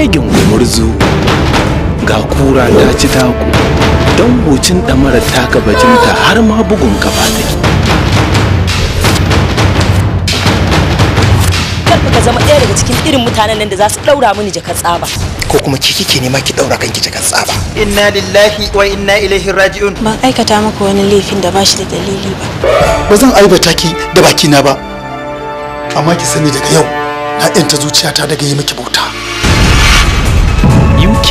begin gumurzu ga kura ta ci taku don da mara taka bajinta har ma bugun kafa take ka zama ɗaya daga cikin irin mutanen nan da za su ɗaura mini jakar tsaba. Ko kuma ki kike nema ki ɗaura kanki jakar tsaba. Inna lillahi wa inna ilaihi raji'un. Ban aikata maka wani laifin da ba shi da dalili ba. Ba zan aibata ki da baki na ba. Amma ki sani daga yau na 'yanta zuciyata daga yi miki bauta.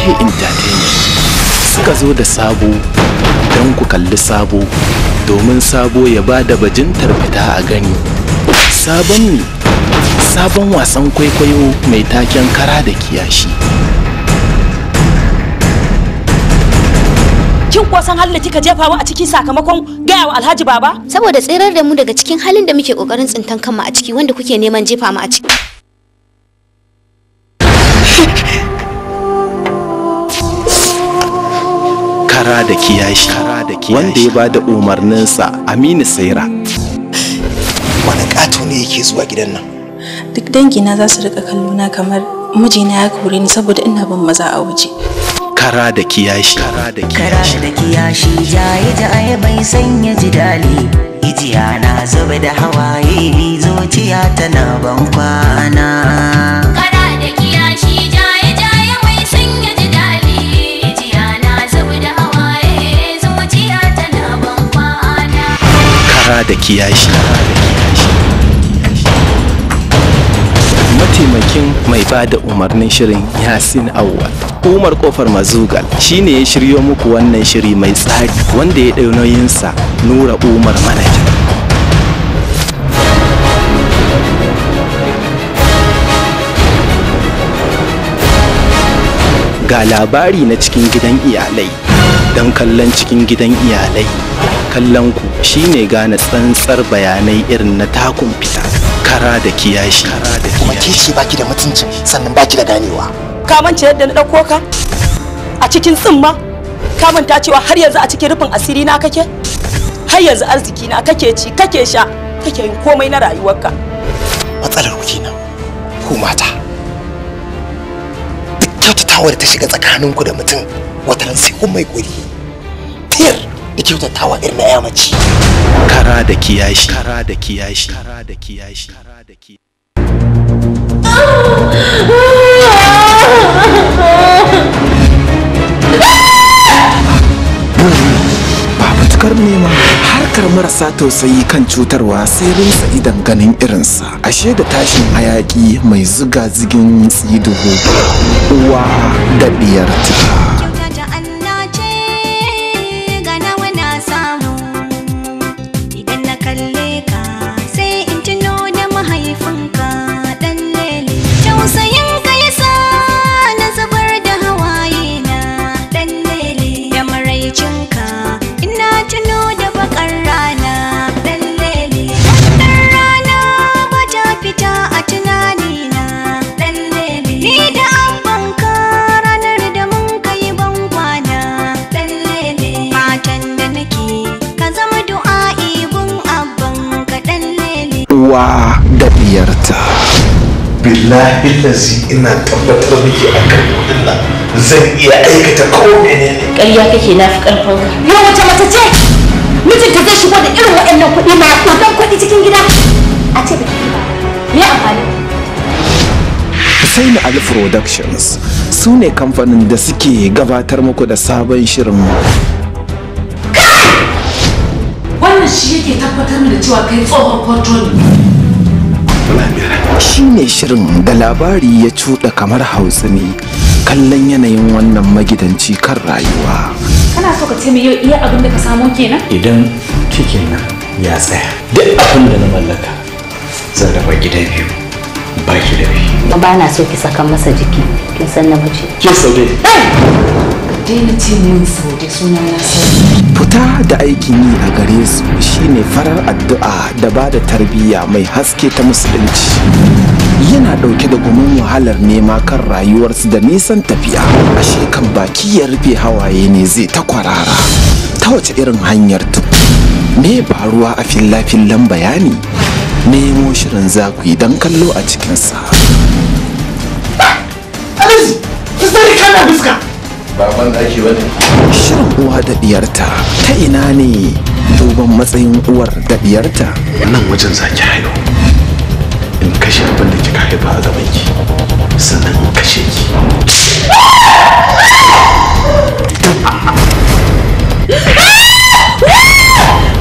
MK Entertainment suka zo da sabo don ku kalli sabo domin sabo ya ba da bajintar fita a gani. Sabon sabon wasan kwaikwayo mai taken kara da kiyashi. kin ko san halin da kika jefa mu a ciki sakamakon gaya wa Alhaji Baba? Saboda tsirar da mu daga cikin halin da muke kokarin tsintan kanmu a ciki wanda kuke neman jefa mu a ciki. da kiyashi wanda ya bada umarninsa aminu saira wani ƙato ne yake zuwa gidan nan duk dangina za su rika kallona kamar mijina ya kore ni saboda ina bin maza a waje kara da kiyashi kara da kiyashi jaye aya bai sanya ji dali ijiya na zuba da hawaye zuciya tana ban kwana kara da kiyashi jaye jaye bai sanya kara da kiyashi mataimakin mai ba da umarnin shirin yasin awwal umar kofar mazugal shine ya shiryo muku wannan shiri mai tsari wanda ya ɗau nauyinsa nura umar manaja ga labari na cikin gidan iyalai don kallon cikin gidan iyalai kallon ku shine gane tsantsar bayanai irin na takun fita kara da kiyashi kuma kishi baki da mutunci sannan baki da ganewa ka yadda na dauko ka a cikin tsimma ka manta cewa har yanzu a cikin rufin asiri na kake har yanzu arziki na kake ci kake sha kake yin komai na rayuwarka matsalar ku kenan ku mata kyautatawar ta shiga tsakaninku da mutum wataran sai kun mai guri kyautata wa irin ya mace kara da kiyashi kara da kiyashi kara da kiyashi kara da kiyashi matukar nema harkar marasa tausayi kan cutarwa sai rinsa idan ganin irinsa ashe da tashin hayaki mai zuga zigin tsidugu uwa da biyar tuka billahi lazi ina tabbatar miki a kan kudin zan iya aikata ko menene ƙarya kake na fi ƙarfin ka yau wata mace ce mijinta zai shigo da irin waɗannan kuɗi ma ɗaukan kuɗi cikin gida a ce ba me amfani Hussaini Ali Productions su ne kamfanin da suke gabatar muku da sabon shirin wannan shi yake tabbatar da cewa kai tsohon control shine shirin da labari ya cuɗa kamar ne kallon yanayin wannan magidanci kan rayuwa kana so ka ce iya abin da ka samo kenan idan cikin nan ya tsaya duk abin da na mallaka zan raba gidan biyu ba ki da biyu ba na so ki saka masa jiki kin san na mace ke saude daina ce min saude suna na saude fita da aikin yi a gare su shine farar addu'a da ba da tarbiyya mai haske ta musulunci yana ɗauke da gumin wahalar nema kan rayuwarsu da nisan tafiya a shekan baki ya rufe hawaye ne zai ta kwarara ta wace irin hanyar tu me faruwa a fillafillan bayani nemo shirin zakuyi don kallo a cikinsa sa is there a baban daki bane shirin uwa da diyarta ta ina ne duban matsayin uwar da diyarta wannan wajen zaki hayo in kashe abin da kika haifa a gaban ki sannan in kashe ki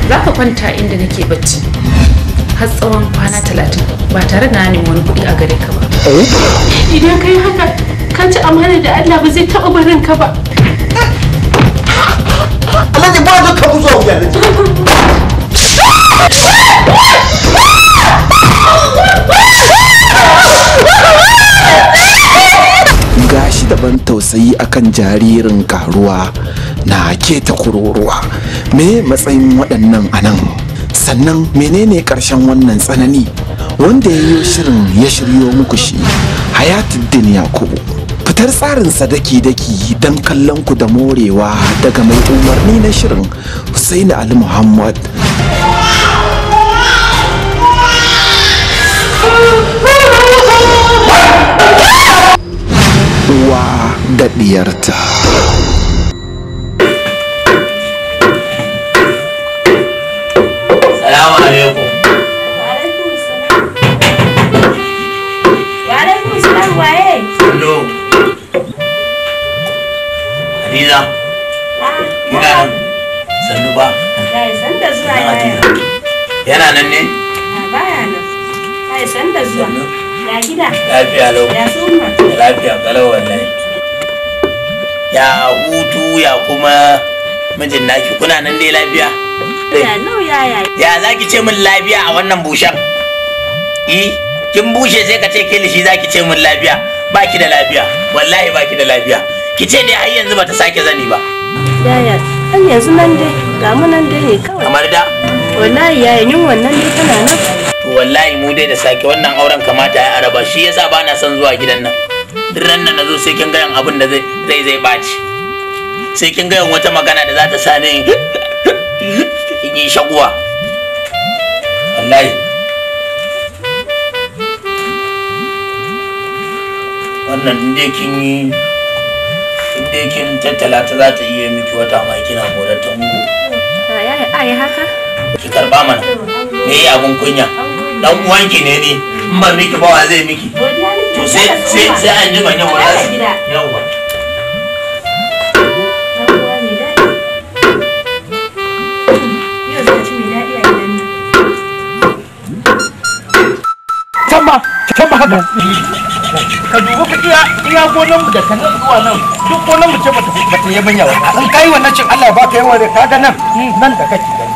za ka kwanta inda nake bacci har tsawon kwana talatin ba tare da na nemi wani kuɗi a gare ka ba idan ka yi haka ka ci amana da Allah ba zai taɓa barin ka ba Alhaji ba da kabu zuwa wuya gashi ban tausayi akan jaririn karuwa na ke ta kururuwa me matsayin waɗannan anan sannan menene ƙarshen wannan tsanani wanda ya yi shirin ya shiryo muku shi duniya yakubu fitar tsarin daki daki don kallon ku da morewa daga mai umarni na shirin Hussaini ali muhammad uwa da ba yana nan ne ya lafiya lau ya ya hutu ya kuma mijin naki kuna nan dai lafiya eh. ya za ki ce min lafiya a wannan bushen e, kin bushe sai ka ce kilishi za ki ce min lafiya ba ki da lafiya wallahi ba ki da lafiya ki ce dai har yanzu ba ta sake zani ba An yanzu nan dai ga mu nan dai ne kawai kamar da wallahi yayin yin wannan dai tana nan to wallahi mu dai da sake wannan auren kamata ya araba shi yasa ba na son zuwa gidan nan duk ran nan nazo sai kin ga yan abin da zai zai zai baci sai kin ga yan wata magana da za ta sa ni in yi shaguwa wallahi wannan dai kin yi da yake tattala ta za ta iya miki wata ma kina morar ta mugu. Ai haka? Ki karba mana. Me yi abun kunya? Dan uwanki ne ne, In ba miki ba wa zai miki. To sai sai sai an ji manyan wani. Yawwa. taba haka ka duba ka iya iya gonan mu da kan zuwa nan duk gonan mu ce bata bata yabanya ba in kai wannan cin Allah baka yawa da kaga nan nan da kake gani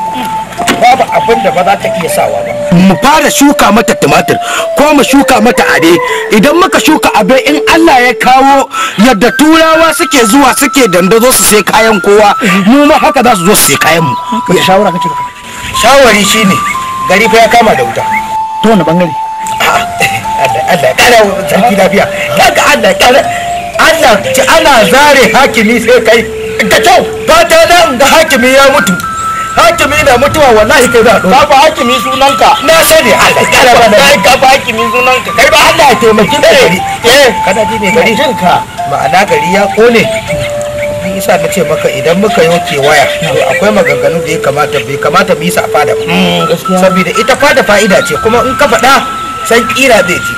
babu abin da ba za ka iya sawa ba mu fara shuka mata tumatir ko mu shuka mata abe idan muka shuka abe in Allah ya kawo yadda turawa suke zuwa suke dandazo su sai kayan kowa mu ma haka za su zo su sai kayan mu shawara kace shawari shine gari fa ya kama da wuta to wani bangare Allah kare sarki lafiya kaga Allah kare Allah ci ana zare hakimi sai kai da kyau fata na ga hakimi ya mutu hakimi na mutuwa wallahi kai za ka ba hakimi sunanka na sani Allah kare ba da ka ba hakimi sunanka kai ba Allah ya taimaki da gari eh, eh kana ji ne gari jinka ma'ana gari ya kone isa na ce maka idan muka yanke waya to akwai maganganu da ya kamata bai kamata mu yi sa fada ba mm, saboda ita fada fa'ida ce kuma in ka faɗa san kira zai ji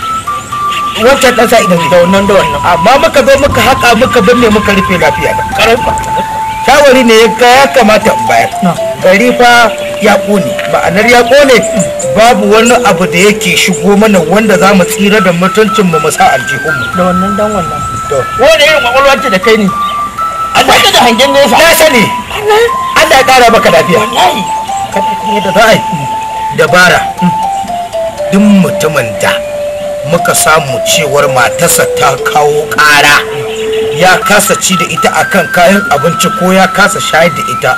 wancan dan sa idan da wannan da wannan amma muka zo muka haka muka binne muka rufe lafiya da karamba shawari ne ya kamata in bayar gari fa ya kone ma'anar ya kone babu wani abu da yake shigo mana wanda za mu tsira da mutuncin mu aljihun aljihunmu da wannan dan wannan to wani irin kwakwalwa da kai ne Allah ka da hangen nesa na sani Allah ya kara maka lafiya wallahi ka kuma da za dabara mm. duk mutumin da muka samu cewar matarsa ta kawo kara ya kasa ci da ita a kan kayan abinci ko ya kasa shayar da ita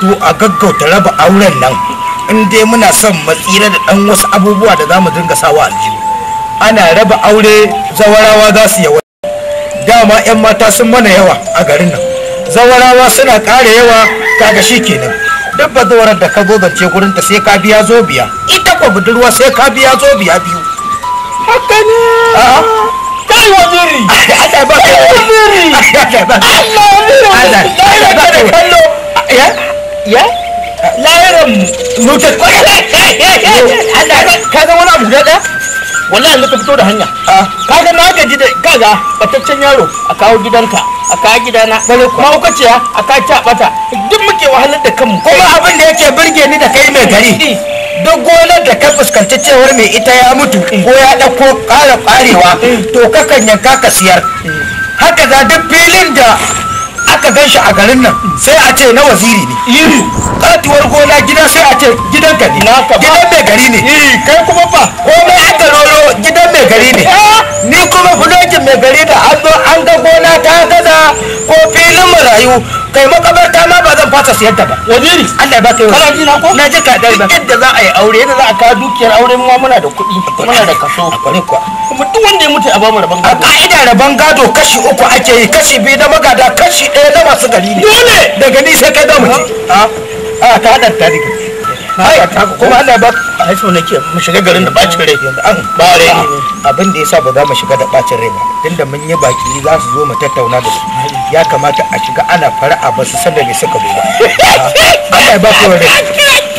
to a gaggauta raba auren nan in dai muna son matsira da ɗan wasu abubuwa da zamu mu dinga sawa a aljihu ana raba aure zawarawa za su yawa dama 'yan mata sun mana yawa a garin nan zawarawa suna ƙara yawa kaga shi kenan duk bazawarar da ka zo zance gurinta sai ka biya zo biya ita kwa budurwa sai ka biya zo biya biyu haka ne kai waziri Allah ba Allah ba ka Allah Allah kallo ya ya lahiran mutar Allah ka ga wani abu da da wallahi ka fito da hanya kaga na gaji da kaga bataccen yaro a kawo gidanka a kawo gidana mahaukaciya a kawo ta duk muke wahalar da kanmu kuma abin da yake burge ni da kai mai gari duk gonar da ka fuskanci cewar mai ita ya mutu ko ya ɗauko ƙara ƙarewa to kakan yanka ka siyar haka za duk filin da aka gan shi a garin nan sai a ce na waziri ne katuwar gona gida sai a ce gidan ka ne gidan mai gari ne kai kuma fa mai aka roro gidan mai gari ne eh? ni kuma kudokin mai gari da an zo an ga gona ta gaza ko filin marayu kai makabarta ma ba zan fasa siyar ta ba waziri Allah ya baka yawa kana ko na je ka dai ba yadda za a yi aure yadda za a kawo dukiyar aure mu muna da kuɗi muna da kaso bare kwa kuma duk wanda ya mutu a bamu rabon gado a ka'ida rabon gado kashi uku ake yi kashi biyu na magada kashi ɗaya na masu gari ne dole daga ni sai kai za mu ci a ka haɗa ta dika kuma Allah ba a so nake mu shiga garin da bacin rai an ba rai abin da yasa ba za mu shiga da bacin rai ba tun da mun yi baki za su zo mu tattauna da su ya kamata a shiga ana fara'a ba su san da me suka zo ba Allah ba ku rai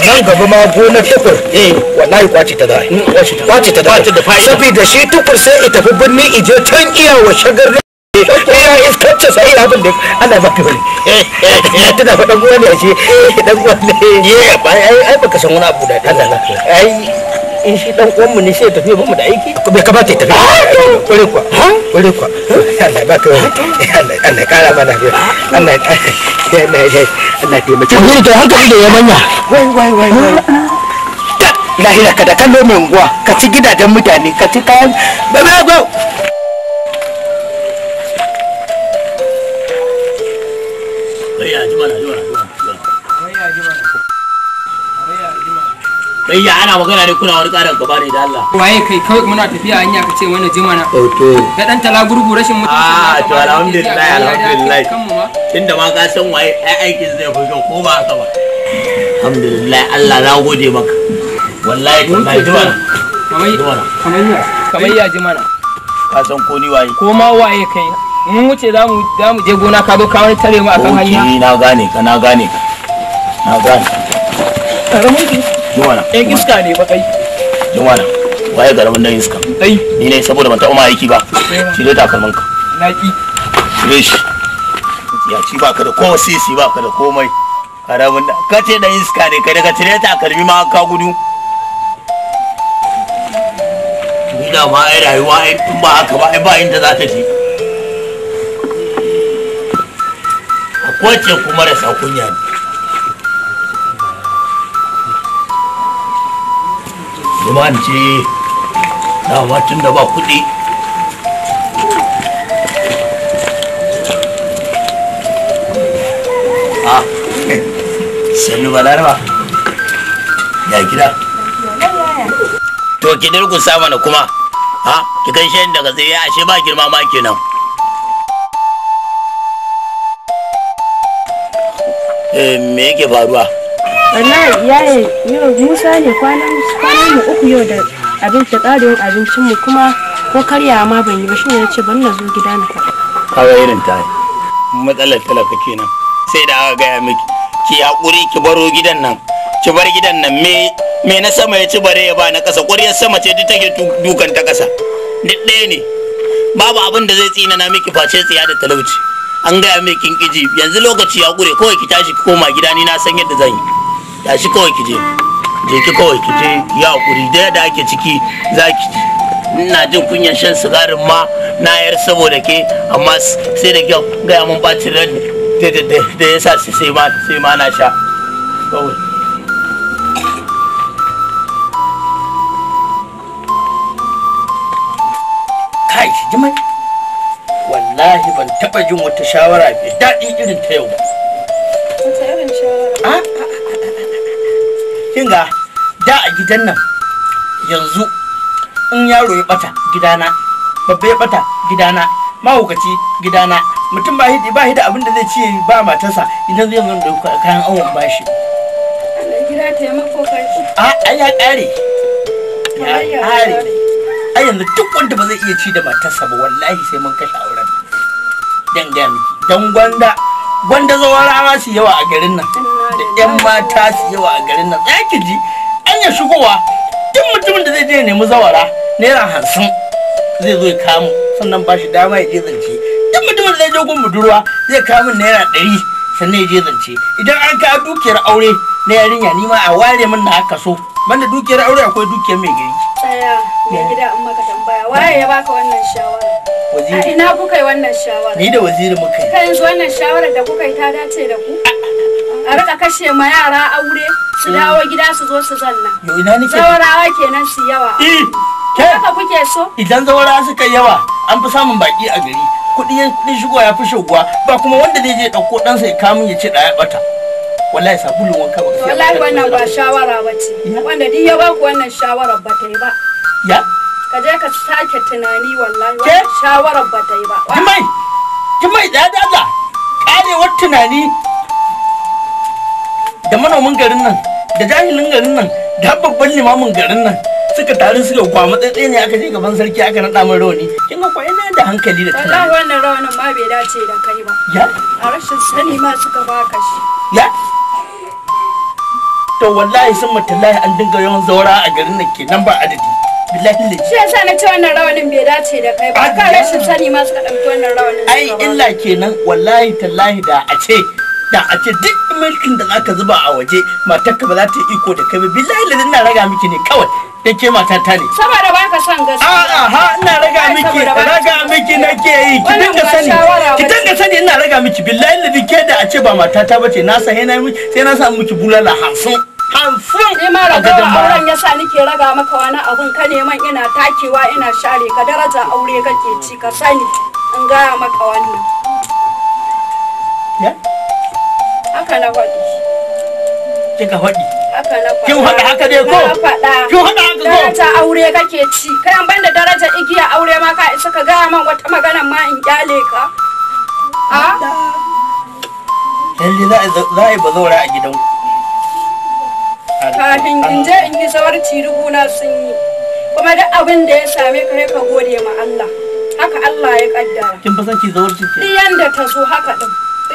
nan gaba ma gonar tukur eh wallahi kwace ta zai hmm, kwace ta kwace ta da sabida shi tukur sai ita tafi birni ije can iyawa shagar Eh, ya iskanta sai ya bin da ana ba ka wani eh, tana faɗan eh, uwa ne ashe dan uwa ye ba ai baka san wani abu da Allah na ai in shi dan uwan mu ne sai tafi mu da aiki ko bai kamata ya tafi kore ah, kuwa kore kuwa Allah ba ka Allah Allah kara mana biya ah. Allah Allah Allah taimake mu da hankali da yamanya wai wai wai lahira ka kallo mai unguwa ka ci gidajen mutane ka ci kayan ba ba Rayya ana magana ne kuna wani ƙarin gaba ne da Allah. Waye kai kawai muna tafiya hanya ka ce wani jimana. Auto. Ka dan tala gurgu rashin mutunci. Ah to alhamdulillah alhamdulillah. Tunda ma ka san waye ai aikin zai fi ko ba haka ba. Alhamdulillah Allah na gode maka. Wallahi tallahi jimana. Kamar ya. Kamar ya jimana. Ka san ko ni waye. Ko ma waye kai. Mun wuce za mu je gona ka zo ka wani tare mu akan hanya. na gane ka na gane ka. Na gane. Karamin Jumana. Yan iska ne ba kai. Jumana. Waye garamin dan iska? Kai. Ni ne saboda ban taɓa ma aiki ba. Shi dai takalman ka. Na ki. shi. Ya ci ba ka da kowa sisi ba ka da komai. Karamin da ka ce dan iska ne kai daga cire takalmi ma ka gudu. Ni da ma ai rayuwa ai in ba haka ba ai ba inda za ta je. Akwai ce kuma da kunya ne. zaman an ce dama da ba kuɗi a ah, sannu balaraba ya gida to ki sa mana kuma ha ki kai shayin daga tsaye ashe ba girma ma kenan eh, me yake faruwa wallahi yaye yau musa ne kwanan kwanan mu uku yau da abinci tsarin abincin mu kuma ko karya ma ban yi ba shine ya ce ban na zo gida na kaga irin ta matsalar talaka kenan sai da aka gaya miki ki hakuri ki baro gidan nan ki bar gidan nan me me na sama ya ci bare ya ba na kasa ƙuryar sama ce duk take dukan ta kasa duk ɗaya ne babu abin da zai tsina na miki face tsiya da talauci an gaya miki kin kiji yanzu lokaci ya ƙure kawai ki tashi ki koma gida ni na san yadda zan yi ya shi kawai ki je je ki kawai ki je ya hakuri da yadda ake ciki za ki ina jin kunyan shan sigarin ma na yar saboda ke amma sai da kyau gaya mun bacin ran da ya sa sai ma sai ma na sha kawai jimai wallahi ban taba jin wata shawara mai daɗi irin ta yau ba. Wata irin shawara? Ah? kinga da a gidan nan yanzu in yaro ya bata gidana babba ya bata gidana mahaukaci gidana mutum ba hidi ba hidi abin da zai ce ba matarsa idan zai zo da kayan awon bashi gida taimako kai a ya kare ya kare ai yanzu duk wanda ba zai iya ci da matarsa ba wallahi sai mun kashe auren dan ga miki gwanda gwanda zawara ma su yawa a garin nan da 'yan mata su yawa a garin nan za ki ji an ya shigowa duk mutumin da zai je nemi zawara naira hamsin zai zo ya kamu sannan ba shi dama ya je zance duk mutumin da zai je gun budurwa zai kamu naira ɗari sannan ya je zance idan an ka dukiyar aure na yarinya ni ma a ware min na haka so banda dukiyar aure akwai dukiyar mai gari. Tsaya, mai gida in maka tambaya, waye ya baka wannan shawara? Waziri. ina kuka yi wannan shawara? Ni da waziri muka yi. Ka yanzu wannan shawara da kuka yi ta dace da ku? a raka kashe ma yara aure su dawo gida su zo su zanna Yau ina nake zawarawa kenan su yawa eh ke haka kuke so idan zawarawa suka yawa an fi samun baki a gari kuɗi kuɗin shigo ya fi shigowa ba kuma wanda zai je ɗauko ɗansa ya kamun ya ce da ya ɓata wallahi sabulun wanka ba wallahi wannan ba shawara ba ce wanda duk ya baku wannan shawara ba ta yi ba ya ka je ka sake tunani wallahi ke shawara ba ta yi ba kimai kimai da da da karewar tunani da manomin garin nan da jahilin garin nan da babban limamin garin nan suka taru suka kwama tsaitsaye ne aka je gaban sarki aka naɗa min rawani kin ga kwa yana da hankali da tunani wallahi wannan rawanin ma bai dace da kai ba ya a rashin sani ma suka baka shi ya to wallahi sun mutallahi an dinga yawan zaura a garin nan kenan ba adadi billahi ne shi yasa na ce wannan rawanin bai dace da kai ba ka rashin sani ma suka ɗauki wannan rawanin ai illa kenan wallahi tallahi da a ce da a ce duk mulkin da zaka zuba a waje matarka ba za ta yi iko da kai ba billahi da ina raga miki ne kawai da ke matata ne saboda ba ka son gaskiya a ha ina raga miki raga miki nake yi ki dinga sani ki dinga sani ina raga miki billahi da ke da a ce ba matata ba ce na san yana miki sai na samu miki bulala hamsin hamsin ni ma ragawa auren yasa nake raga maka wani abun ka neman ina takewa ina share ka daraja aure kake ci ka sani in gaya maka Yeah. Haka na faɗi. Kika faɗi? Haka na faɗi. Kin faɗa haka dai ko? Na faɗa. Kin faɗa haka ko? Daraja aure kake ci. Kai an banda daraja igiya aure ma ka isa ka gaya man wata magana ma in kyale ka. A? Lalle za a yi bazaura a gidan ku. Kafin in je in yi zawarci rubuna sun yi. Kuma duk abin da ya same ka ka gode ma Allah. Haka Allah ya kaddara. Kin fasanci zawarci ke? Diyan da ta zo haka ɗin.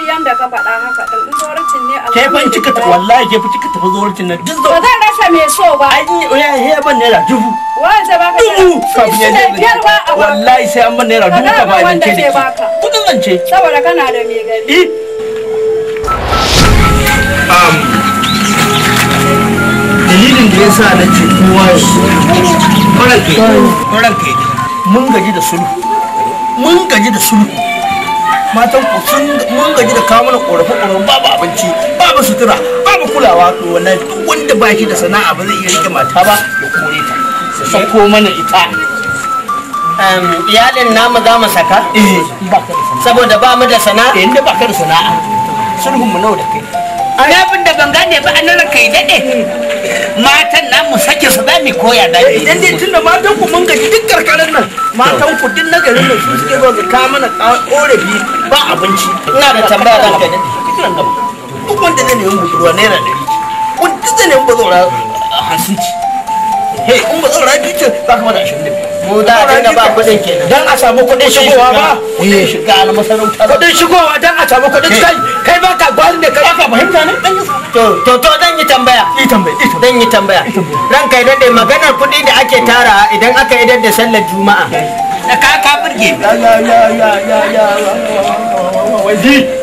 yanda ka faɗa haka din in ne ke fa in kika tafi wallahi ke fa kika nan duk ba zan rasa me so ba an yi eh, ya he ban naira dubu wanda ba ka dubu kafin ya wallahi sai an ban naira dubu ka ba ni ke kudin zance saboda kana da me gari eh. dalilin da ya sa na ce kowa ya mun gaji da sulhu mun gaji da sulhu matan ku sun mun gaji da kawo mana korafe korafe babu abinci babu sutura babu kulawa to wallahi duk wanda ba shi da sana'a ba zai iya rike mata ba ya kore ta su sako mana ita iyalin namu za mu saka eh, saboda ba mu da sana'a eh, inda ba ka da sana'a sulhun mu nau da kai na abin da ban gane ba an raka yi daɗe matan na mu sake su zami koya eh, da ne idan dai tunda matan ku mun gaji duk karkarar nan matan ku duk na garin nan su suke zo ga ka mana bi ba abinci ina da tambaya da kai duk wanda ne nemi budurwa naira ɗari wanda zai nemi budurwa hasinci he in ba tsara bi ce za ka bada 25 mu da dinga ba kuɗin kenan dan a samu kuɗin shigowa ba kuɗin shiga na masarauta kuɗin shigowa dan a samu kuɗin kai kai ba ka gwarin da kai ka fahimta ne dan to to to dan yi tambaya yi tambaya dan yi tambaya ran kai dade maganar kuɗi da ake tara idan aka idar da sallar juma'a da ka ka burge ya ya ya ya ya wazir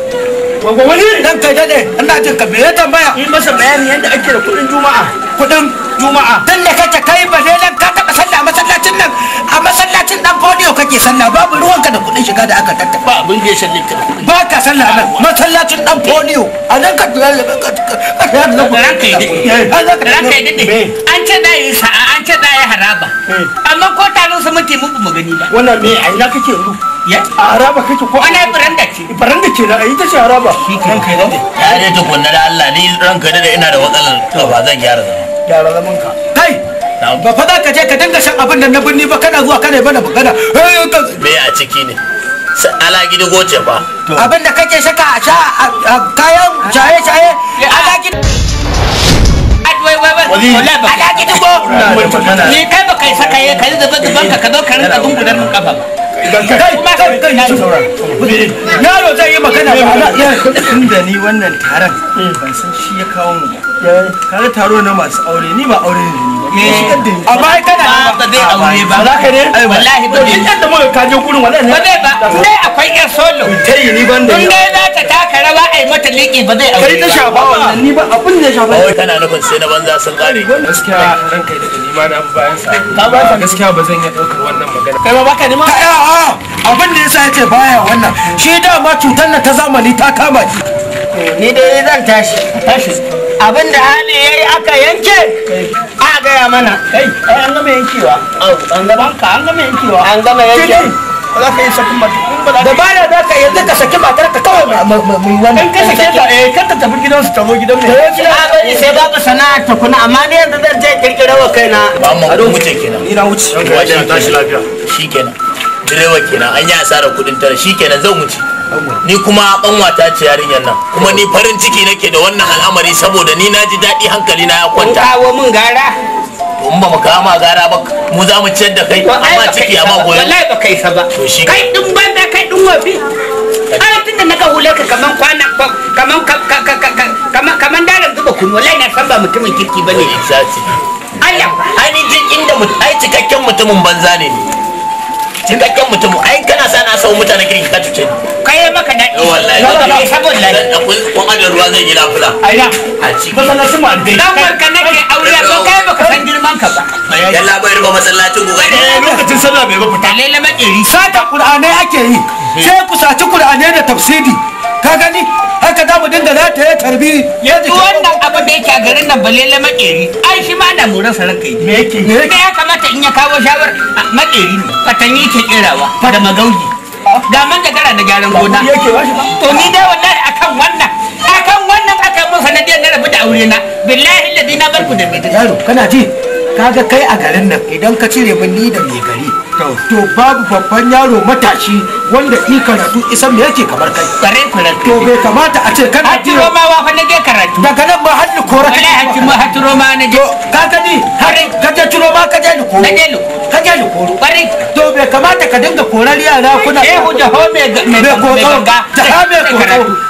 Gwagwa wani? Dan kai daɗe, ina jin ka biye tambaya. Yi masa bayani yadda ake da kudin juma'a. kudin juma'a. Dan da kake kai ba dai dan ka taɓa sallah a masallacin nan. A masallacin dan fodiyo kake sallah babu ruwan ka da kuɗin shiga da aka tattaba. Ba abin da ya shalle ka. Ba ka sallah nan masallacin dan fodiyo. A nan ka tuya ka ka ka ka ka ka ka ka An ce da yi sa'a an ce da yi haraba. Amma ko taron su mutum mu ba mu gani ba. Wannan me a ina kake ruwa? haraba kake ko ana baranda ce baranda ce na ita ce haraba ranka ya dade ya dade da Allah ni ranka da ina da matsalar to ba zan gyara zama gyara zaman ka kai ba fa za ka je ka dinga shan abin da na binni ba kana zuwa kana bana magana eh, me a ciki ne ala gidi goce ba abin da kake shaka a sha kayan shaye shaye ala gidi wai wai wai ala gidi go ni kai ba kai saka ka yi zuba zuban ka ka zo ka rinka dungular mun kafa ba yaro zai yi magana ba da ni wannan taron ban san shi ya kawo mu ba kaga taro na masu aure ni ba aure ne ni ba eh. a bai kana ba zai aure ba za ka ne wallahi ba ni da mu ka je gurin wallahi ba zai ba dai akwai yar solo tayi ni ban da dai za ta taka rawa ai mata liki ba zai aure kai ta shafa wannan ni ba abin da shafa wai kana nufin sai na banza sun kare gaskiya ranka da ni ma na bayan sa ka ba ta gaskiya ba zan iya daukar wannan magana kai ba baka ni ma eh, ah, ah. abin da yasa yace baya wannan shi da ma cutar nan ta zamani ta kama eh, ni dai zan tashi tashi abin da hali ya yi aka yanke a gaya mana kai an gama yankewa an gama ka an gama yankewa an gama yanke za ka yi sakin mata da ba za ka yanzu ka saki matar ka kawai mai wani in ka sake ta eh kar ta tafi gidansu ta zo gidan mai ta a bari sai ka sana'a ta kuna amma ni yanzu zan je kirkira wa kaina ba mu wuce kenan ni na wuce wajen tashi lafiya shikenan direba kenan an yi asarar kudin tara shikenan zan wuce ni kuma kanwata ce yarinyar nan kuma ni farin ciki nake da wannan al'amari saboda ni na ji daɗi hankali na ya kwanta kawo mun gara in ba mu ma gara ba mu za mu ciyar da kai amma ciki amma goyo wallahi ba kai ba kai din da kai din wafi ana tun da naga hule ka kaman kwana kaman kaman kaman daren zuba kunu wallahi na san ba mutumin kirki bane Allah ai ni jin inda mutum cikakken mutumin banza ne cikakken mutum ai kana sa na sau mutane kirki ka cuce kai ya maka da eh, wallahi wallahi saboda lai dan akwai kuma da ruwa zai yi fula ai na a ci su mu dai dan barka nake aure ko kai ba ka san girman ka ba yalla bai ruba masallacin ku ga eh lokacin sana bai ba fita lalle makeri sata qur'anai ake yi mhm. sai ku saci qur'anai da tafsiri ya ta yi karbi ya wannan abu da yake a garin nan balele makeri ai shi ma da murar sarar me yake me ya kamata in ya kawo shawar makeri ne fatanni ke kirawa da magauji ga man da gara da gyaran gona to ni dai wallahi akan wannan akan wannan aka mun sanadiyar na rabu da aure na billahi ladina barku da mai yaro kana ji kaga kai a garin nan idan ka cire mun ni da mai gari to babu babban yaro matashi wanda i karatu isan me yake kamar kai kare kular to bai kamata a ce kana hati roma wa fa nake karatu daga nan ba hannu kora kai wallahi hati ma hajji roma na je ka gani kare ka je ciro roma ka je ni ko je ni ka je ni koro kare to bai kamata ka dinga korar yara kuna eh hu da home me ko ga da ha me ko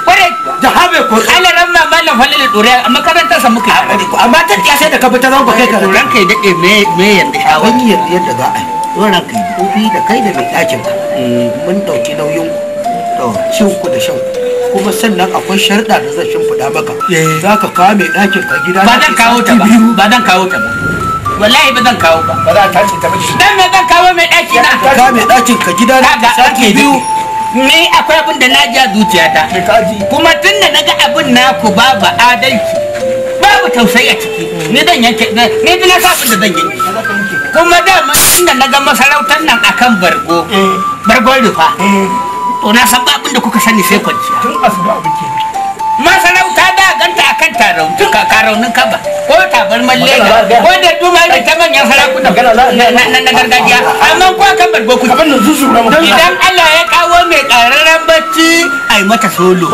kare da ha me ko ala ramma mallam falal dore makarantar sa muke amma ta sai da ka bi ta zango kai ka ranka ya dade me me yanda shawara yanda za a yi kai, kofi da kai da mai dakin mm. mun ɗauki nauyin to Shin ku da shan kuma sannan akwai sharda da zan shimfiɗa maka eh. za ka kawo mai dakin ka gida ba dan kawo ta ba ba dan kawo ta ba wallahi ba zan kawo ba ba za ta tashi ta ba dan mai zan kawo mai ɗaki na ka mai dakin ka gida na ka sake biyu ni akwai abin da na ji a zuciyata kuma tun da na abin naku babu adalci babu tausayi a ciki ni dan yanke ni da na sabon da zan yi kuma dama inda na ga masarautar nan akan bargo eh. bargon rufa eh. to na san abin da kuka sani sai kwanciya tun asuba abin masarauta da ganta a kan ka tarautu karaunin kaba ko ta tabarman leda ko da duma da ta manyan sarakuna na gargajiya amma ko kan barbo ku idan Allah ya kawo mai kararren bacci ai mata solo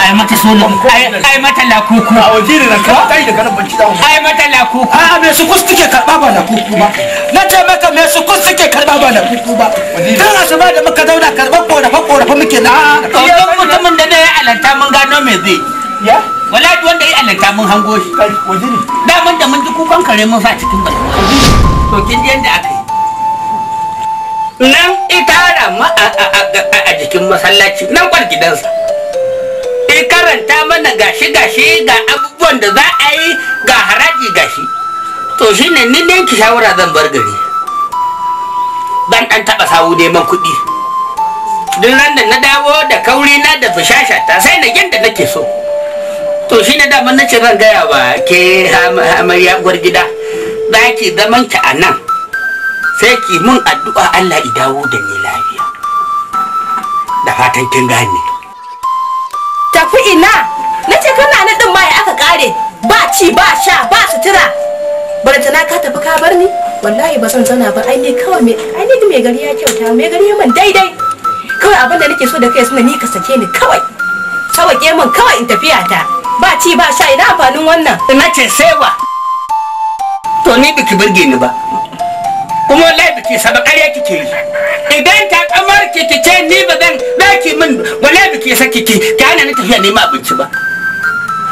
ai mata solo ai mata lakuku a wajiri na ka kai da garin bacci ai mata lakuku a me su kus take karba ba lakuku ba na ce maka me su kus take karba ba lakuku ba dan asuba da muka zauna karban korafa korafa muke na a mutumin da ne ya alanta alinta mun gano me zai ya wala duk wanda ya alinta mun hango shi kai ne da mun da mun ji kukan kare mun fa cikin bala to kin ji yanda aka yi nan itara ma a jikin masallaci nan kwal gidansa e karanta mana gashi gashi ga abubuwan da za a yi ga haraji gashi to shine ni ne ki shawara zan bar gari ban dan taba sawu neman kuɗi duk ran da na dawo da kauri na da fushasha ta sai na yanda nake so to shi da daman na ce zan gaya ba ke amarya gwar gida za ki zaman ki a nan sai ki mun addu'a Allah i dawo da ni lafiya da fatan kin gane tafi ina na ce kana na din ma aka kare ba ci ba sha ba sutura na ka tafi ka bar ni wallahi ba zan zana ba ai ne kawai me ai ne mai gari ya kyauta mai gari ya man daidai kawai abin da nake so da kai suna ni ka sake ni kawai sawake min kawai in tafiya ta ba ci ba sha ina amfanin wannan na ce sewa to ni biki burge ni ba kuma lai biki saba ƙarya kike yi idan ta kamar kike ce ni ba zan daki min wallahi biki saki ki ki hana ni tafiya neman abinci ba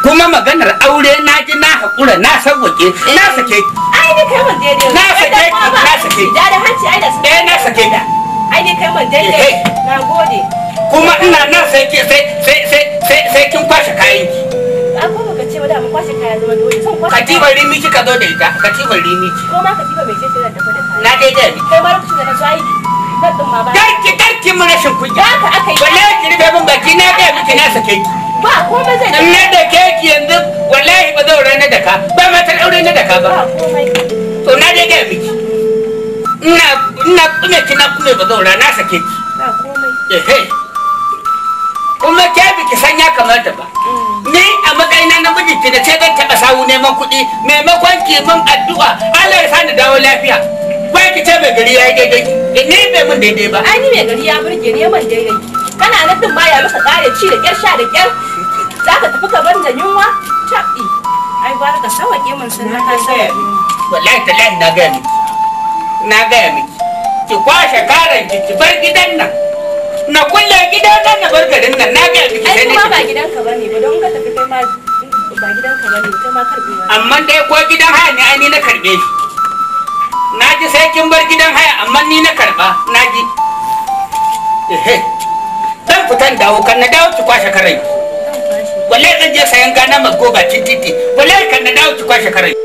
kuma maganar aure na ji na haƙura na sauwaƙe na sake ai ni kai wanda daidai na sake na sake Da da hanci ai da eh na sake da ai dai kai man daidai eh, eh. na gode kuma ina nan sai ke sai sai sai sai sai kin kwashe kayan ki akwai baka ce da mu kwashe kaya zama dole son kwashe katibar rimi kika zo da ita katibar rimi ko ma katiba mai ce sai da tafi da kaya na daidai ne kai ma lokacin da ka zo aiki Garki garki mu rashin kunya. Haka aka yi. Wallahi ki rufe min baki na ga miki na sake ki. Ba komai zai. In na da keki yanzu wallahi ba zan rana da ka. Ba ma ta aure na da ka ba. Ba komai. To na dai ga miki. Ina ina kume kina na kume ba zaura na sake ki ba komai ehe kuma ke biki san ya kamata ba mm. ni a matsayina na mijinki da ce zan taɓa sawu neman kuɗi maimakon ki min addu'a Allah ya sa ni dawo lafiya ba ki ce mai gari ya yi daidai eh, ni bai mun daidai ba ai ni mai gari ya burge ni man daidai kana nan din baya maka kare ci da kyar sha da kyar za ka tafi ka bar da yunwa taɓi ai gwara ka sawaƙe mun sun haka sai wallahi talahi na gaya miki na gaya miki ki kwashe karan ki ki bar gidan nan na kulle gidan nan na bar garin nan na ga ki sai kuma ba gidan ka bane ba don ka tafi kai ma ba gidan ka bane kai ma karbe karbewa amma dai ko gidan haya ne ai na karbe shi naji sai kin bar gidan haya amma ni na karba naji ehe dan fitan dawo kan na dawo ki kwashe karan wallahi zan je sayan gana ba titi wallahi kan na dawo ki kwashe karan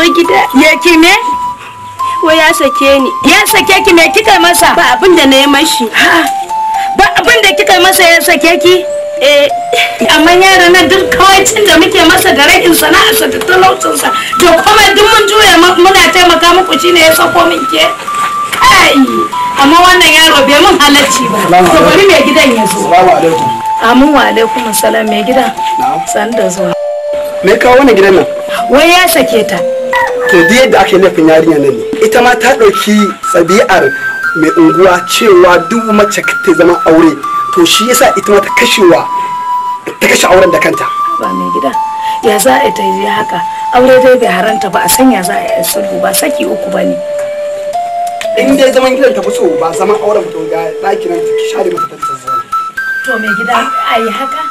dawo gida ya ki me wai ya sake ni ya sake ki me kika masa ba abin da na yi mashi ba abin da kika masa ya sake ki eh amma yara na duk kawancin da muke masa da rain sana'arsa da sa to kuma duk mun juya muna taimaka muku shine ya sako min ke kai amma wannan yaro bai mun halarci ba to bari mai gidan ya zo assalamu alaikum amin wa alaikum assalam mai gida san da zuwa me kawo wani gidan nan wai ya sake ta to duk yadda ake laifin yarinya na ne ita ma ta ɗauki tsabi'ar mai unguwa cewa duk mace ta zama aure to shi yasa ita ma ta kashewa ta kashe auren da kanta ba mai gida ya za a ta yi haka aure dai bai haranta ba a sanya za a yi sulhu ba saki uku ba ne in dai zaman gidan ta fuso ba zaman auren to ga ɗakinan ta share mata ta zama to mai gida a yi haka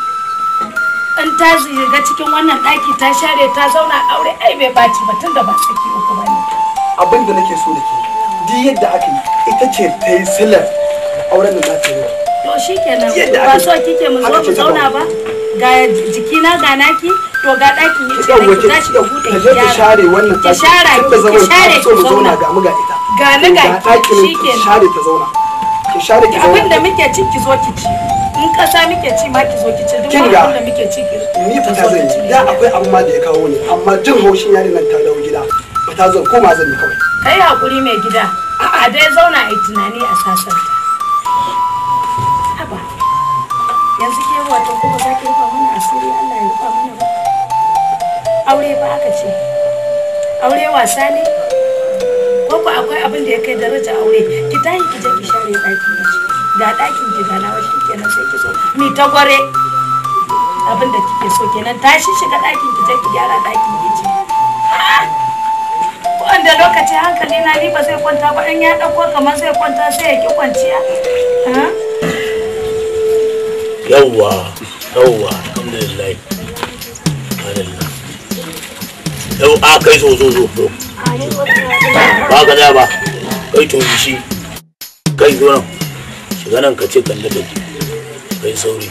in ta ga cikin wannan ɗaki ta share ta zauna aure ai bai baci ba tun da ba tsaki uku ba ne. Abin da nake so da ke, duk yadda aka yi ita ce ta yi silar auren da za ta yi. To shi kenan ba so kike mu zo mu zauna ba? Ga jiki na ga naki to ga ɗakin ne ce ki shi ki buɗe ki gyara. Ki share wannan ki share ki share ki zauna ga mu ga ita. Ga ni ga shi kenan. Ki share ta zauna. Ki share ki zauna. Abin da muke ci ki zo ki ci. in kasa muke ci ma ki zo ki ci duk abin da muke ci ki ni fita zan yi da akwai abu ma da ya kawo ni amma jin haushin yari nan ta dawo gida fita zan koma zan yi kawai kai hakuri mai gida a dai zauna a yi tunani a sasanta haba yanzu ke wato kuma za ki rufa mana asiri Allah ya rufa mana ba aure ba aka ce aure wasa ne ko akwai abin da ya kai daraja aure ki tayi ki je ki share ɗakin da ga ɗakin ki gana wa shikenan sai ki so ni ta gware abin da kike so kenan tashi shiga ɗakin ki ki gyara ɗakin ki ci wanda lokaci hankali na ni ba zai kwanta ba in ya ɗauko kamar zai kwanta sai ya ki kwanciya yawwa yawwa alhamdulillah alhamdulillah yau a kai so so so ba ka da ba kai to shi kai zo nan shiga ka ce kalli da kai sauri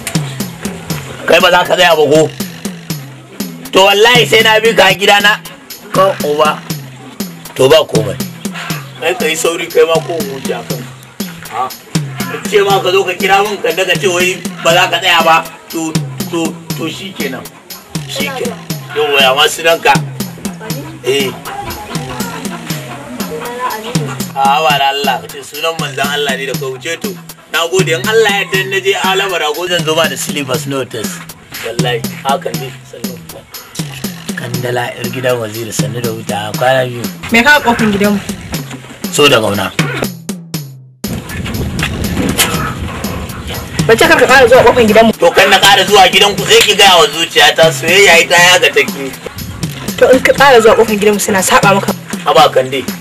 kai ba za ka tsaya ba to wallahi sai na bi ka gida na kan uba to ba komai kai kai sauri kai ma ko mu a ka ha ce ma ka zo ka kira min kan daga ce wai ba za ka tsaya ba to to to shikenan shikenan yawwa ya masu danka eh a wa Allah ce sunan manzon Allah ne da kauce to na gode in Allah ya yarda naje je alama rago zan zo ba da slippers notice wallahi hakan ne kandala yar gidan waziri sannu da wuta kwana biyu me ka kofin gidanmu so da gauna bace karka fara zuwa kofin gidanmu to kan na fara zuwa gidanku sai ki gaya wa zuciyata soyayya ita ya ga take to in ka fara zuwa kofin gidanmu suna saba maka haba Kande. dai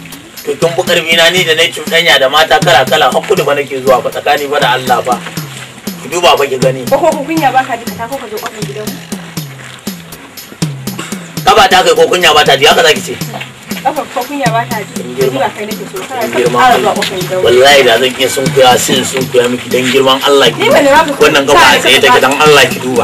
to tun bu na ni da nayi cutanya da mata kala kala hakku da ba nake zuwa ba tsakani ba da Allah ba ki duba ba ki gani ko ko kunya ba ka ji ta ko ka zo kofar gidan ba ta kai ko kunya ba ta ji haka zaki ce ko ba ta zan sun kuya sun kuya miki dan girman Allah ki wannan gaba a tsaye take dan Allah ki duba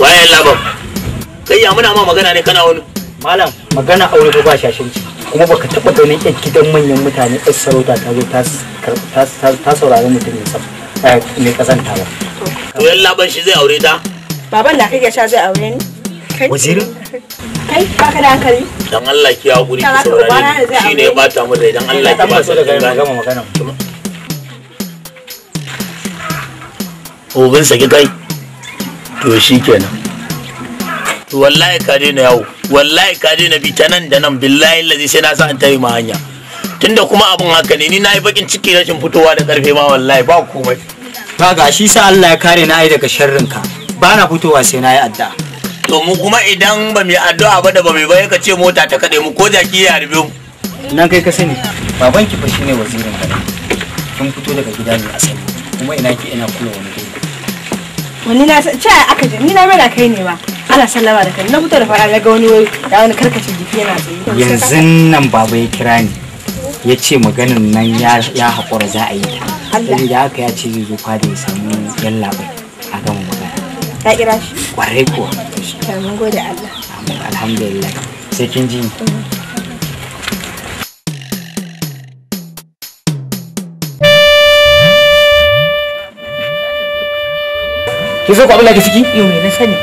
waye labar kai ya muna ma magana ne kana wani malam magana aure ko ba ci kuma baka taba ganin yan gidan manyan mutane yan sarauta ta zo ta saurari mutum mai kazanta ba to yan laban shi zai aure ta baban da kake sha zai aure ni waziri. kai baka da hankali dan Allah ki ya guri ki saurare ni shine ya bata mu da dan Allah ki ba su da gama magana ubin sa ki kai to shi kenan wallahi ka daina yawo wallahi ka daina bi ta nan da nan billahi lazi sai na sa an tare ma hanya tunda kuma abun haka ne ni na yi bakin ciki rashin fitowa da karfe ma wallahi ba komai ba ga shi sa Allah ya kare na ai daga sharrin ka ba na fitowa sai na yi addu'a to mu kuma idan ba mu addu'a ba da ba mu ba ka ce mota ta kade mu ko jaki ya harbe mu nan kai ka sani baban fa shine wazirin ka kun fito daga gidan ne asali kuma ina ki ina kula wani wani na ce aka je ni na mai da kai ne ba ana sallama da kai na fito da fara na ga wani wai da wani karkace jiki yana tsaye yanzu nan baba ya kira ni ya ce maganin nan ya haƙura za a yi ta da aka ya ce zai zo kwada ya samu yan labai a gama magana ta kira shi kwarai kuwa mun gode Allah alhamdulillah sai kin ji mm. ki so ku abin da ke ciki yo me na sani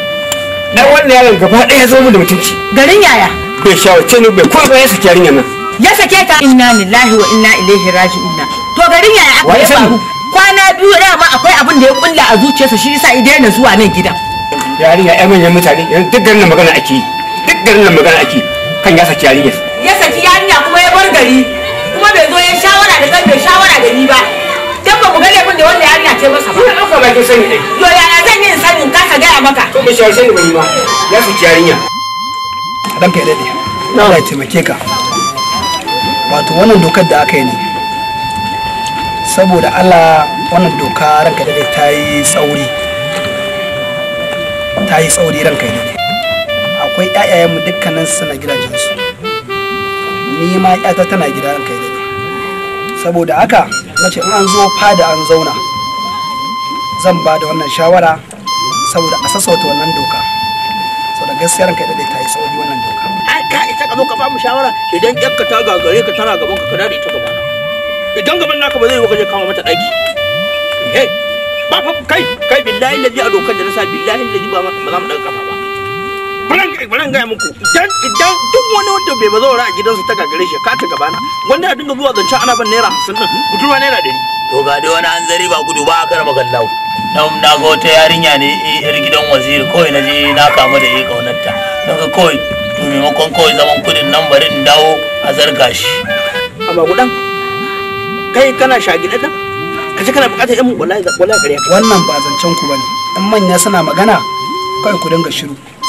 dan wannan yaron gaba ɗaya zo mu da mutunci garin yaya bai shawarce ni bai kuma ya saki yarinya nan ya sake ta inna lillahi wa inna ilaihi raji'un to garin yaya aka yi faru kwana biyu ma akwai abin da ya kulla a zuciyarsa shi yasa idan na zuwa nan gidan yarinya ya manyan mutane yanzu duk garin nan magana ake yi duk garin nan magana ake kan ya saki yarinya. ya saki yarinya kuma ya bar gari kuma bai zo ya shawara da kan bai shawara da ni ba dan ba mu ga laifin da wanda yarinya ce masa ba ina dauka ba kin sani dai yo yaya zan yi sanin ka ka gaya maka to mu shawarce ni ba ya su saki yarinya ranka ya dade Allah ya taimake ka wato wannan dokar da aka yi ne saboda Allah wannan doka ranka da ta yi tsauri ta yi tsauri ranka ya dade akwai 'ya'yayenmu dukkanin suna gidajensu ni ma 'yata tana gida ranka ya saboda haka na ce an zo fada an zauna zan ba da wannan shawara saboda a sassauta wannan doka saboda gaskiyar kai da ta yi sauri wannan doka ka ita ka zo ka ba mu shawara idan ƴakka ta gagare ka tana gaban ka kana da ita gaba idan gaban naka ba zai yi kaje kama mata daki eh ba fa kai kai billahi lazi a dokar da na sa billahi lazi ba ma za mu daga kafa baran gaya muku idan idan duk wani wanda bai bazaura a gidansu ta gagare shi ka ta gabana wanda ya dinga zuwa zancen ana ban naira hamsin din budurwa naira ɗari. to ga dai wani zari ba gudu ba a kar magallau dan na ga wata yarinya ne yar gidan waziri kawai na je na kamu da ƙaunarta, don daga kawai to maimakon kawai zaman kudin nan bari in dawo a zarga shi. a gudan kai kana shagida dan ka ji kana buƙatar yan wallahi wallahi kariya wannan ba zancen ku ne, in manya suna magana kawai ku dinga shiru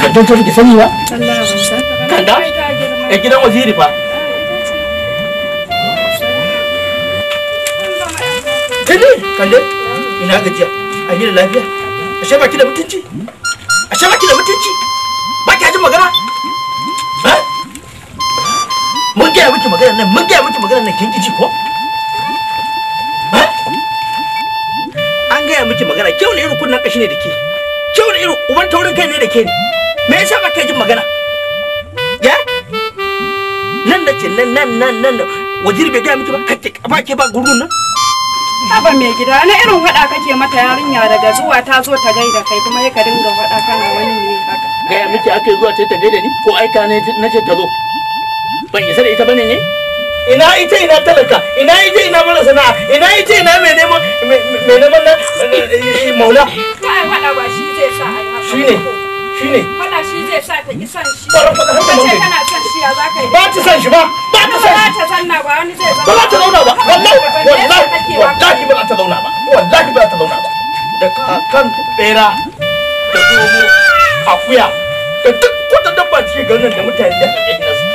takardar ta rike sani ba kanda a eh, gidan waziri fa kande kande ina gajiya a yi da lafiya a shi ki da mutunci a shi ki da mutunci ba ki jin magana mun gaya miki magana nan mun gaya miki magana nan kin ji ko an gaya miki magana kyau ne irin kunnan kashi ne da ke kyau ne irin uban taurin kai ne da ke ne me yasa ba ka jin magana ya nan da ce nan nan nan nan wajir bai gaya miki ba kake ba ke ba gurun nan Aba mai gida na irin hada kake mata yarinya daga zuwa ta zo ta gaida kai kuma ya ka dinga hada kana wani ne haka. Gaya miki aka zuwa ta gaida ni ko ka ne na ce ta zo. Ban isa da ita bane ne? Eh? Ina ita ina talaka, ina ita ina mara sana'a, ina ita ina mai neman mai neman na eh, eh, maula. Ba faɗa ba shi zai sa a Shi ne. shine faɗa shi zai sa ta ki san shi ka ce kana san shi ya za ka yi ba ta san shi ba ba ta san shi ba ta zanna ba wani zai zanna ba ta zauna ba wallahi wallahi wallahi ba ta zauna ba wallahi ba ta zauna ba da kan bera da zomo akuya da duk wata dabba cikin garin da mutane da kake gina su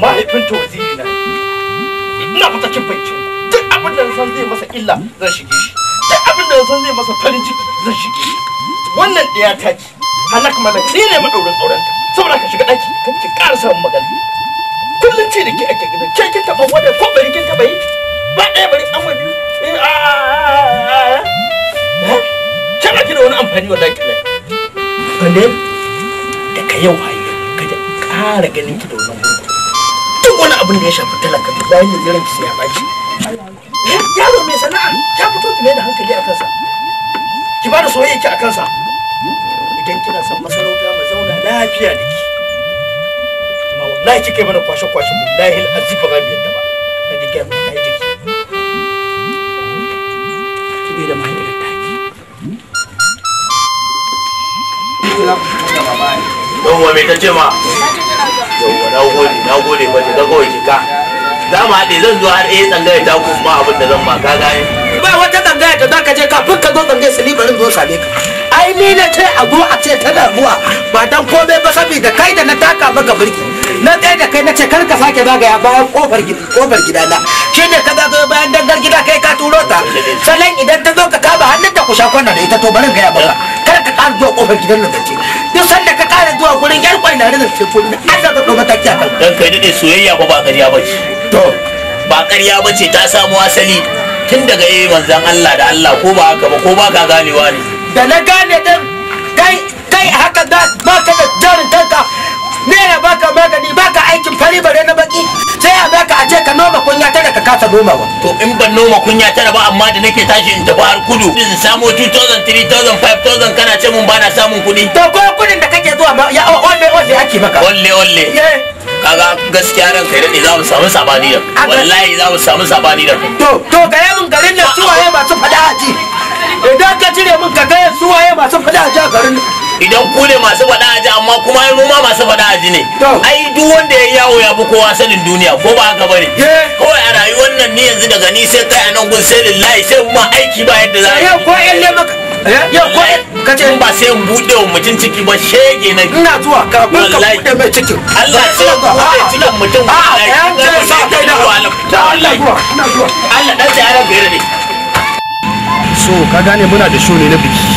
mahaifin tozi na ina fata kin fahimci duk abin da na san zai masa illa zan shige shi duk abin da na san zai masa farin ciki zan shige shi wannan ɗaya ta ki halak malak ni ne maɗaurin aurenta saboda ka shiga ɗaki kan ki ƙara samun magana kullum ce da ke ake gidan ke kin taɓa wanda ko bari kin taɓa yi ba ɗaya bari an wa biyu can eh, ake ah, ah, ah, da wani amfani wa daƙi lai bande daga yau a yau kada ƙara ganin ki da wannan wurin duk wani abin da ya shafi talaka duk bayan da jiran ki sai ya ɓaci eh, yaro mai sana'a ya fito ki mai da hankali a kansa ki ba da soyayya ki a kansa idan kina son masarauta mu zauna lafiya da ki amma wallahi kike mana kwashe kwashe billahi alazim ba za yadda ba da dike mu kai jiki ki bi da mai da taki ki la ku da baba Yawwa me ta ce ma? yauwa na gode na gode ba ki ga kawai kika. Za mu haɗe zan zo har eh tsangaya ta kuma abin da zan ma ka gane. Ba wata tsangaya da za ka je kafin ka zo tsangaya silibarin zo same ka. ai ni na ce a zo a ce tana zuwa ba dan komai ba saboda kai da na taka maka birki na tsaye da kai na ce kar ka sake zagaya bayan kofar kofar gidana shi ne ka zo bayan dangar gida kai ka turo ta salon idan ta zo ka kama hannun ta ku sha kwana da ita to bari gaya maka kar ka kara zuwa kofar gidan nan duk sanda ka kara zuwa gurin yar kwai na rizar ce ko an zaka ɗau mataki a kan. dan kai daɗe soyayya ba ba ƙarya ba ce. to ba ƙarya ba ce ta samo asali tun daga yi eh, manzan Allah da Allah ko ba haka ba ko ba ka ganewa ne. da na gane din kai kai haka da baka da jarin tanka me ya baka magani baka aikin fari bare na baki sai a baka a ce ka noma kunya tara ka kasa noma ba to in ban noma kunya tara ba amma da nake tashi in tafi har kudu in samo 2000 3000 5000 kana ce mun bana samun kudi to ko kudin da kake zuwa ma ya olle olle ake maka olle olle kaga gaskiya ran kai ne za mu samu sabani da wallahi za mu samu sabani da to to ga yamin garin nan suwaye masu fada a idan ka cire min ka gaya su waye masu fada a ji a garin idan ku ne masu fada a ji amma kuma noma masu fada a ji ne ai duk wanda ya yawo ya bi kowa sanin duniya ko ba haka bane kawai a rayuwar nan ni yanzu daga ni sai kai a nan gun sai lillahi sai ma aiki ba yadda za a yi yau ko in lema. yau ko ka ce ba sai in buɗe wa mutum ciki ba shege na ina zuwa kafin ka buɗe mai cikin Allah sai ku buɗe cikin mutum wallahi ka ga sai kai da wahala Allah zuwa ina zuwa Allah dan sai ana gaira ne so ka gane muna da show ne na biki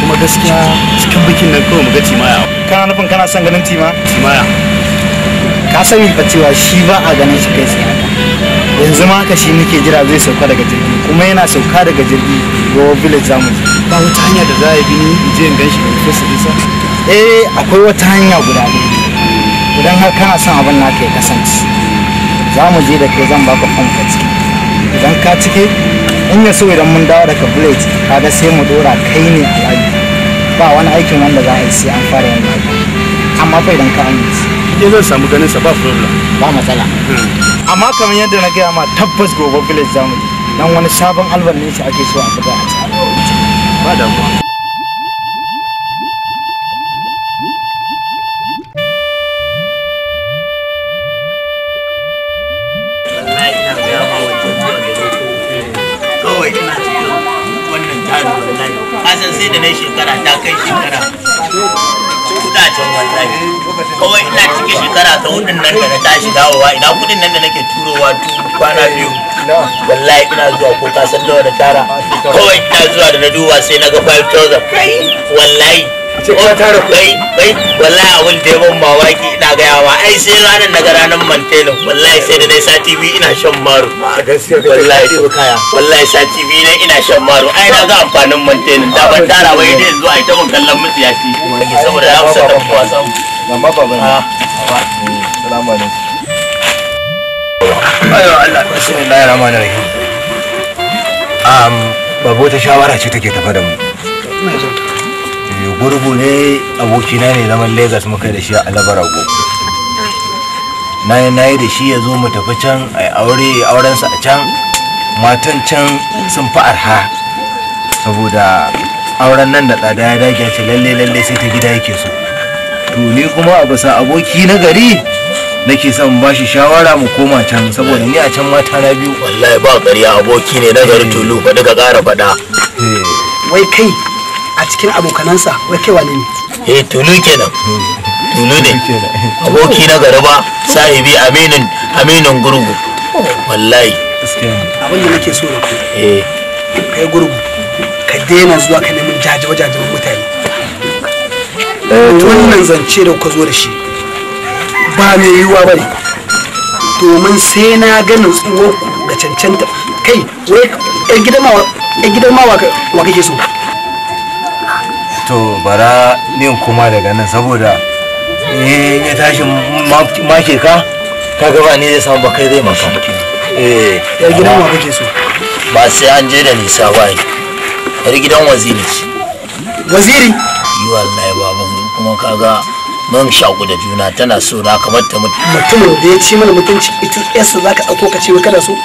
kuma gaskiya cikin bikin nan kawai muga timaya kana nufin kana son ganin tima timaya ka sani fa cewa shi ba a ganin shi kai tsaye yanzu ma haka shi muke jira zai sauka daga jirgi kuma yana sauka daga jirgi gowa village zamu je ba wata hanya da za a bi ni in je in ganshi da fesa isa eh akwai wata hanya guda ɗaya idan har kana son abin naka ya kasance za mu je da kai zan baka fom ka ciki idan ka cike in ya so idan mun dawo daga village kaga sai mu dora kai ne a lagi ba wani aikin wanda za a yi sai an fara yin lagi amma fa idan ka amince ke zan samu ganin sa ba problem ba matsala hmm. amma kamar yadda na gaya ma tabbas gobe village zamu je dan wani sabon albar ne shi ake so a buga a ba damuwa da na shekara ta kai shekara kudacen wallahi kawai ina cike shekara ta hudun nan da na tashi dawowa ina kudin nan da nake turowa kwana biyu wallahi ina zuwa ko kasan dawa da tara kawai ina zuwa da na duba sai na ga 5000 wallahi Wata tara kai kai wallahi abin da ya ban mamaki ina gaya ma ai sai ranar na ga ranar mantelo wallahi sai da dai sati biyu ina shan maro wallahi su kaya wallahi sati biyu na ina shan maro ai na ga amfanin mantelo da ban tara ba yadda yanzu ai ta ban kallon mutu ya ci saboda ya kusa da kuwa samu. Gamba baba na. Ah. Salamu alaikum. Ayo Allah bismillahir rahmanir rahim. Um babu wata shawara ce take tafa da mu. gurgu ne abokina ne zaman Legas muka da shi a Labarago. Na yi da shi ya zo mu tafi can a aure aurensa a can matan can sun fi arha saboda auren nan da tsada ya dage ce lalle lalle sai ta gida yake so. To ni kuma a bisa aboki na gari nake son ba shi shawara mu koma can saboda ni a can mata na biyu. Wallahi ba ƙarya aboki ne na gari tulu ba daga ƙara faɗa. Eh, wai kai a cikin abokanansa wai kai wani ne eh tulu kenan tunu ne aboki na garba sahibi aminin aminin gurgu wallahi abin da nake so da eh. kai gurgu ka daina zuwa ka neman jajawa-jajawan mutane wannan zance da kuka zo da shi ba mai yiwa ba ne domin sai na ga nutsuwar ku ga cancanta kai wai 'yan gidan mawa kake so to bara ne kuma daga nan saboda in ya tashi make ka ka gaba ne zai samu ba kai zai maka eh ya gidan wa kake so ba sai an je da nisa ba har gidan waziri ce waziri yi wallahi babu kuma kaga mun shaku da juna tana so na kamar ta mutumin da ya ci mana mutunci ita yarsa za ka ɗauko ka ce kana so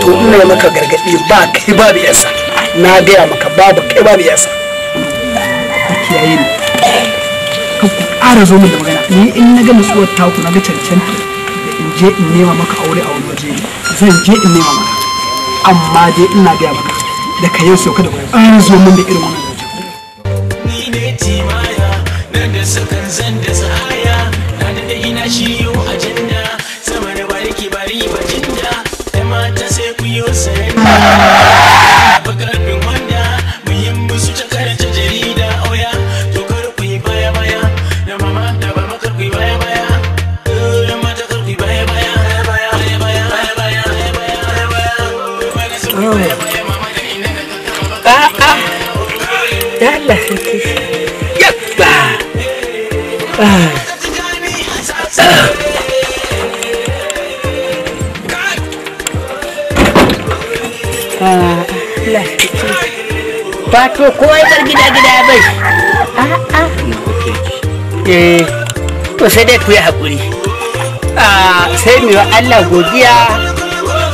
to ina maka gargadi ba kai babu yarsa na gaya maka babu kai babu yarsa kiyaye ni ka ƙara zo min da magana ni in na ga nutsuwar taku na ga cancanta da in je in nema maka aure a wani waje zan je in nema maka amma dai ina gaya maka da ka yau sauka da an zo min da irin wannan Fato kowa ya gida gida ya bai. Eh, to sai dai ku yi haƙuri. Ah, ah, ah, eh, sai mu yi Allah godiya,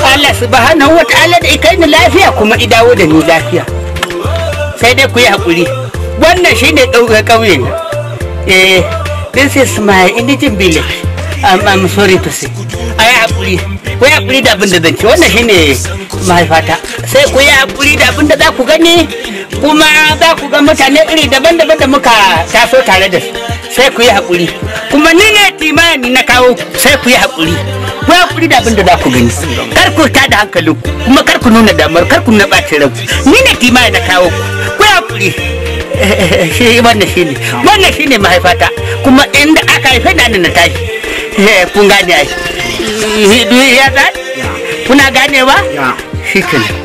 Allah subhanahu wa ta'ala da ikai ni lafiya kuma i dawo da ni lafiya. Sai dai ku yi haƙuri. Wannan shine ɗaukar ƙauyen. Eh, This is my indigenous village. I'm, I'm sorry to say. A yi haƙuri, ku yi haƙuri da abin da zan ci wannan shine mahaifata. Sai ku yi haƙuri da abin da za ku gani kuma za ku ga mutane iri daban-daban da muka taso tare da su. Sai ku yi haƙuri. Kuma ni ne limani na kawo sai ku yi haƙuri. Ku yi kuri da abin da za ku gani. Kar ku ta da hankalinku kuma kar ku nuna damar kar ku nuna ɓacin ranku. Ni ne limani na kawo ku. Ku yi haƙuri. Shi wannan shine. Wannan shine mahaifata. kuma inda aka haife da na tashi ya kun gane ai hidu ya ah, ga kuna gane ba shi kenan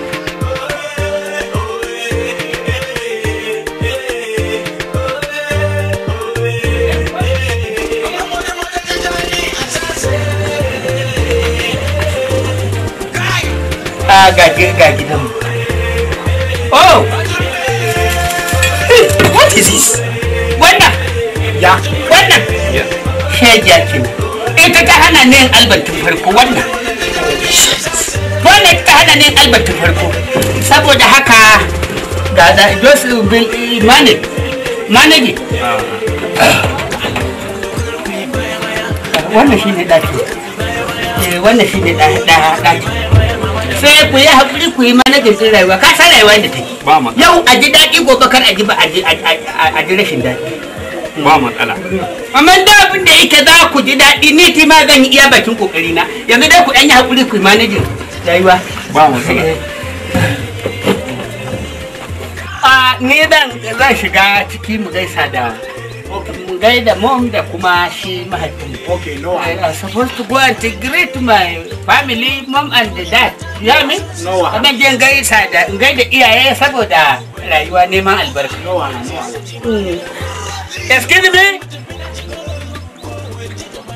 Oh! Hey, what is this wannan Yeah. shejiya ce ita ta hana ne albatin farko wannan wannan ta hana ne albatin farko saboda haka ga da josu bin eh, manage wannan shi ne ɗaki eh, wannan shi ne ɗaki sai ku yi haƙuri ku yi rayuwa ka san rayuwa da take yau a ji daɗi gobe kar ba a ji rashin daɗi ba matsala amma da abin da yake za ku ji daɗi ni ti ma zan iya bakin kokari na yanzu dai ku ɗan yi hakuri ku manage rayuwa ba matsala a ni dan zan shiga ciki mu gaisa da mu gaida mom da kuma shi mahaifin. okay no i am supposed to go and greet my family mom and dad you hear me no amma je gaisa da gaida iyaye saboda rayuwa neman albarka no no mm. Excuse me?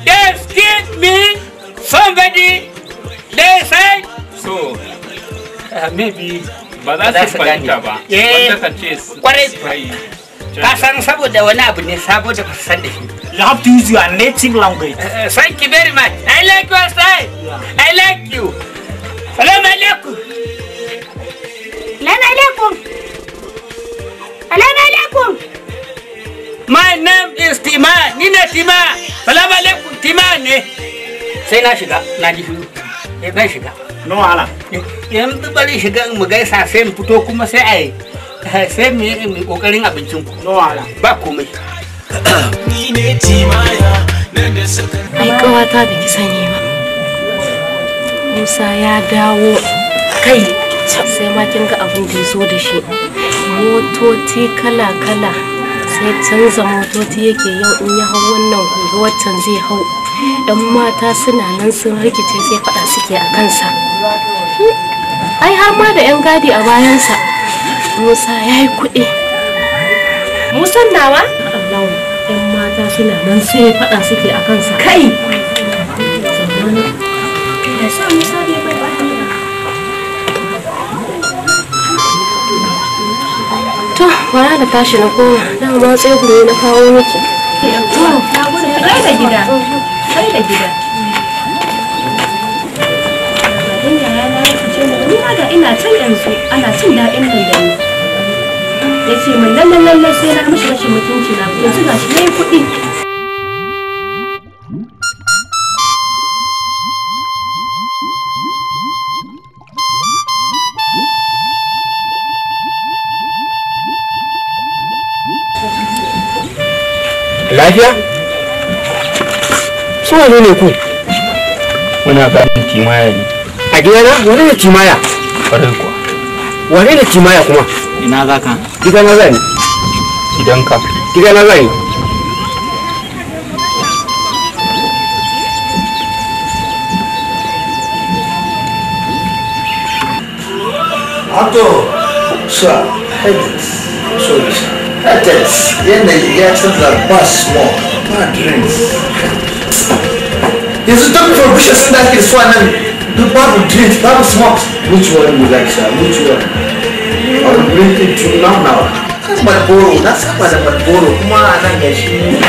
Excuse me? Somebody, they say. so. Uh, maybe, But that's su fahimta ba. Wanda ka ce su Ka You have to use your native language. Uh, uh, thank you very much. I like your style. Yeah. I like you. Salam alaikum. Salam alaikum. Salam alaikum. my name is tima ni ne tima salamu alaikum tima ne sai na shiga na ji shiru eh ban shiga no wahala eh, yan bari shiga mu gaisa sai mu fito kuma sai ai eh, sai mu yi kokarin abincin ku no wahala ba komai ni ne tima ya nan da saka ai kawata da ki sani ba Musa ya dawo kai sai ma kin ga abin da ya zo da shi motoci kala-kala sai canza motoci yake yau in ya hau wannan gobe waccan zai hau yan mata suna nan sun rikice sai faɗa suke a kansa ai har ma da yan gadi a bayansa musa ya yi kuɗi musan nawa allahu yan mata suna nan sai faɗa suke a kansa kai musa kwana da tashi na koma na ma tsegumi na kawo miki sai da gida sai da gida da ina can yanzu ana cin daɗin dandami ya ce min lallan lallan sai na mishi rashin mutunci na yanzu ga shi ne kuɗi lafiya su wane ne ku muna ganin kimaya ne a gidana wane ne kimaya farai kuwa wane ne kimaya kuma ina za ka gidana za ni gidanka gidana za ni Ato, sa, head, so, Edits, yanayi ya canza ba small ba drinks. for duk provisions da ake so nan duk babu drinks babu smoke. Which one you like sir? Which one? I will bring it to now now. That's Kan Malboro, na saba da Malboro kuma a nan gashi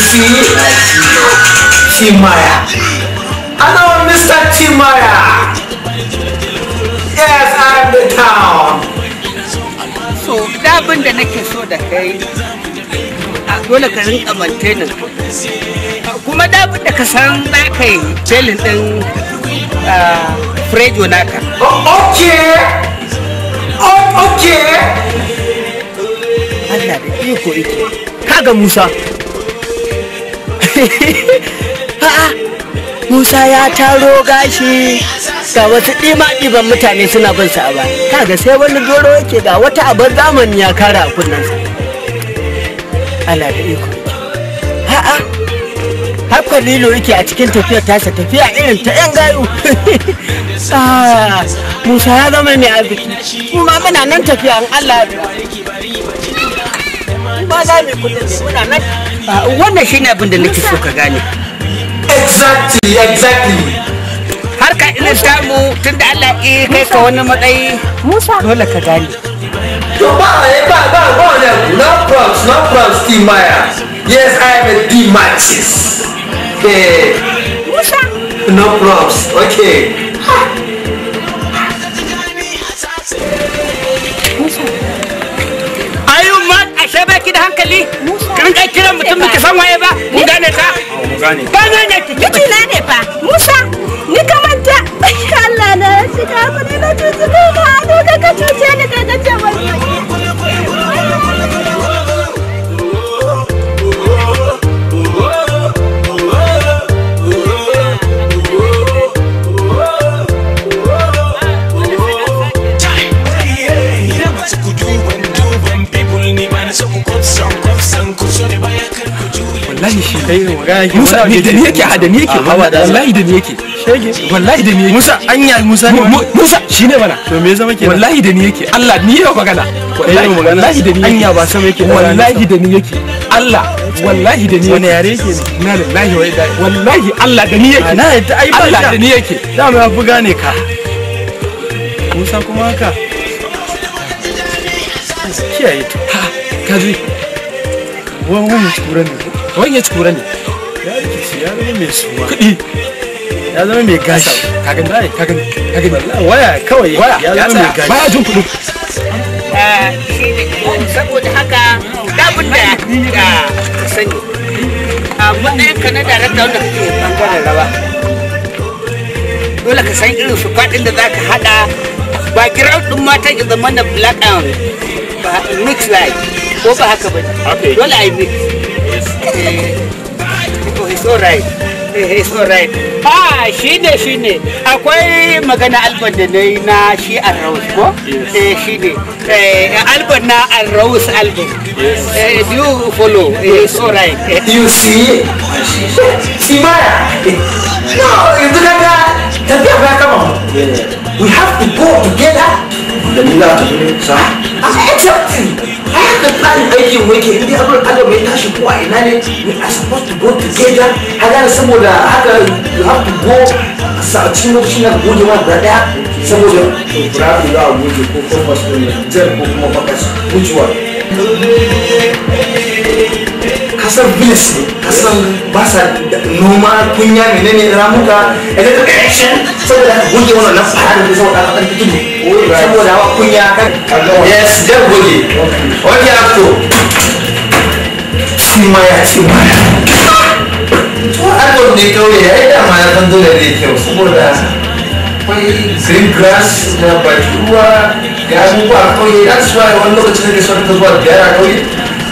see Timaya. Hello, Mr. Timaya. Yes, I am the town. So, dabin da nake so da kai dole ka rinka maintaining kuma dabin da ka san za ka yi belin din frejo ah, naka. Oh, okay. Oh, okay. Allah da iko iko. Kaga Musa. Musa ya taro gashi ga wasu ɗima-ɗiban mutane suna bin sa ba kaga sai wani doro yake ga wata abar zamani ya kara a sa. Allah da iko ha'a haka lilo yake a cikin tafiyar tasa tafiya irin ta yan gayu Musa ya zama mai arziki kuma muna nan tafiya in Allah ya wannan za mu kudin ne muna nan wannan shine abin da nake so ka gane exactly exactly ka ina samu tunda Allah ya kai ka wani matsayi Musa dole ka gane to eh, ba ba ba ba no props no props maya yes I am a D matches eh. okay Musa no props okay hankali kin kai kiran mutum da san waye ba mun gane ta ba ne ki na ne fa Musa ni ka manta Allah shi ka fa ne na tuzu ka ka ka ni ka wani wallahi shi Musa ni da yake da yake wallahi da yake wallahi da yake Musa anya Musa ne Musa shine to me zama wallahi da yake Allah ni yau magana wallahi da yake anya ba yake wallahi da yake Allah wallahi da ni wani yare na lillahi wa wallahi da ni yake na da ni yake da mu ka Musa kuma haka kiyaye to ha kaji wani wani turan ne wai ya cikura ne ya zama mai suwa kuɗi ya zama mai gasa kagani bai kagani kagani waya kawai ya zama mai gasa baya jin kuɗi eh, saboda haka dabin da ka sani a matsayin ka na darakta wanda kake bangaren rawa dole ka san irin su faɗin da za ka haɗa ba girar ɗin mata ya zama na black and mix like ko ba haka ba dole a yi mix he's alright ah shi ne akwai magana alban da na yi na shi arraus ko eh shi ne eh, alban na arraus alban eh, do you follow he's eh, alright you see simara no yanzu kaga tafiya ba kama we have to go together da ni na tafi sa har da tsarin aikin muke ni dai abin adam ya tashi ko a ina ne we are supposed to go together haka saboda haka you have to go cikin lokacin da goge ma guda daya saboda rafi za a goge ko kuma masu jar ko kuma bakas which kasar bilis ne kasar basa noma kunya menene ramuka idan ka connection saboda haka goge wannan na fara da saboda haka ɗan tudu saboda hawa kunya kan yes jar goge wani ya fito shi ma ya ce ma ko album ne kawai ya yi dama ya san dole ne kyau saboda akwai green grass da baki ga abubuwa kawai that's why wani lokacin da ke son ta zuwa da yara kawai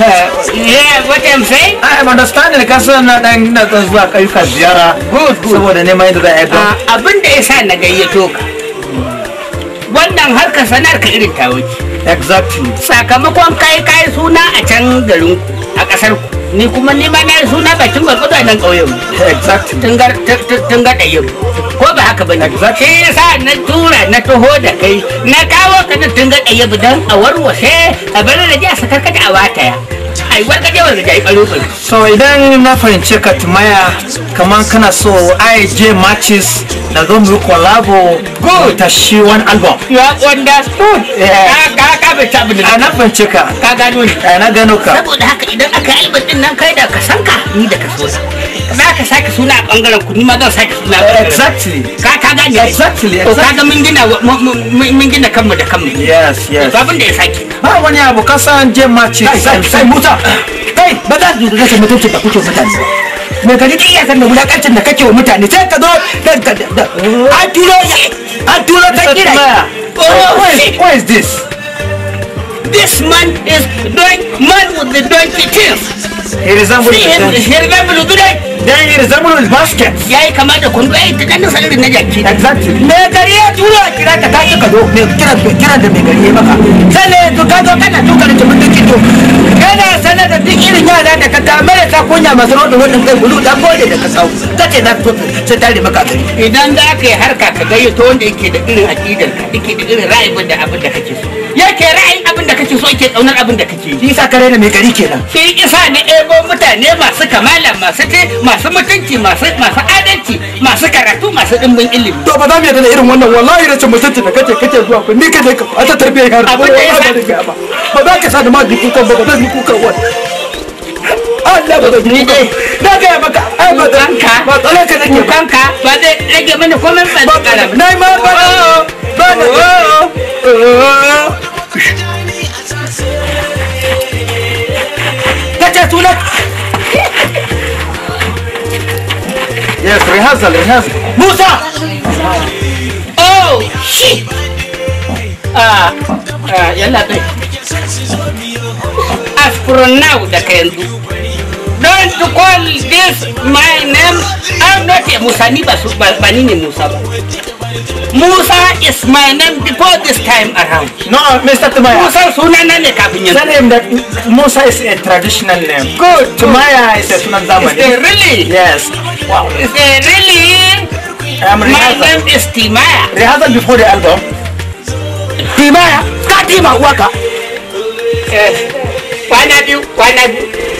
yeah, what I'm saying? ka ziyara. Good, good. a ah, Abin da na gayyato ka. Wannan sanar ka irin ta Exactly. Sakamakon kai kai suna a can garin a kasar ku. ni kuma ni ma na suna bakin gwargwado a nan ƙauyen tun ga ɗayin ko ba haka ba ne shi yasa na tura na taho da kai na kawo ka na tun ga ɗayin don a warwashe a bari da ji a sakarkata kada a wataya ai warka je wanda kai so idan na fahimce ka tumaya kamar kana so ai je matches da zo mu collabo good ta shi one album you are understood ka ka ka bai ta bin na fahimce ka ka gano ni na gano ka saboda haka idan aka yi album din nan kai da ka sanka ni da ka so za ka sake suna a bangaren ku ni ma zan sake suna exactly ka ka gani exactly ka ga mun gina mun gina kanmu da kanmu yes yes babin da ya sake ba wani abu ka san je mace kai kai muta kai ba za ki rasa mutuncin da kuke mutane mai gari da iyakar da wulakancin da kake wa mutane sai ka zo a turo an turo ta kira What is this? This man is doing man with the donkey teeth. He resembles the donkey. he resembles the donkey. Then he resembles basket. Ya yi of da kwando, ya a ta kanda salari na jaki. Exactly. Me gari ya tura kira ka tashi ka zo, me kira kira da me gari ya maka. Sannan yanzu ka zo kana tuka da tumin duki to. Kana sanar da duk irin yara da ka kama da takunya masu rodin rodin kai bulu dan gode da ka sau. na to sai tare maka gari. Idan za ka yi harka ka gayyato wanda yake da irin aƙidar ka, yake da irin ra'ayin da abin da kake so. yake ra'ayi abin da kake so yake tsaunar abin da kake shi isa kare na mai gari kenan shi isa ne ebo mutane masu kamala masu te masu mutunci masu masu adalci masu karatu masu dimbin ilimi to ba za mu yarda da irin wannan wallahi rashin mutunci da kake kake zuwa ku ni ka je ka ta tarbiyyar yar abin da ya ba ba za ka sa da ma dukukan ba ba za ni kukan wani Allah ba da dukukan nage eh, maka ai ba banka ba tsala ka nake lagi ba zai rage mana komai ba da kara ba nai ma ba ba da kace sunan yes rehearsal rehearsal musa oh shit ah ah yalla bai astronaut da ka yanzu Don't call this my name. I'm not a Musa Niba Banini Musa. Musa is my name before this time around. No, uh, Mr. Tumaya. Musa Sunana Nekabinyan. Tell him that Musa is a traditional name. Good. Tumaya is a Sunan Zaman. Is there really? Yes. Wow. Is there really? I'm my name is Timaya. Rehearsal before the album. Timaya. Katima Waka. Yes. Eh. Why not you, Why not you.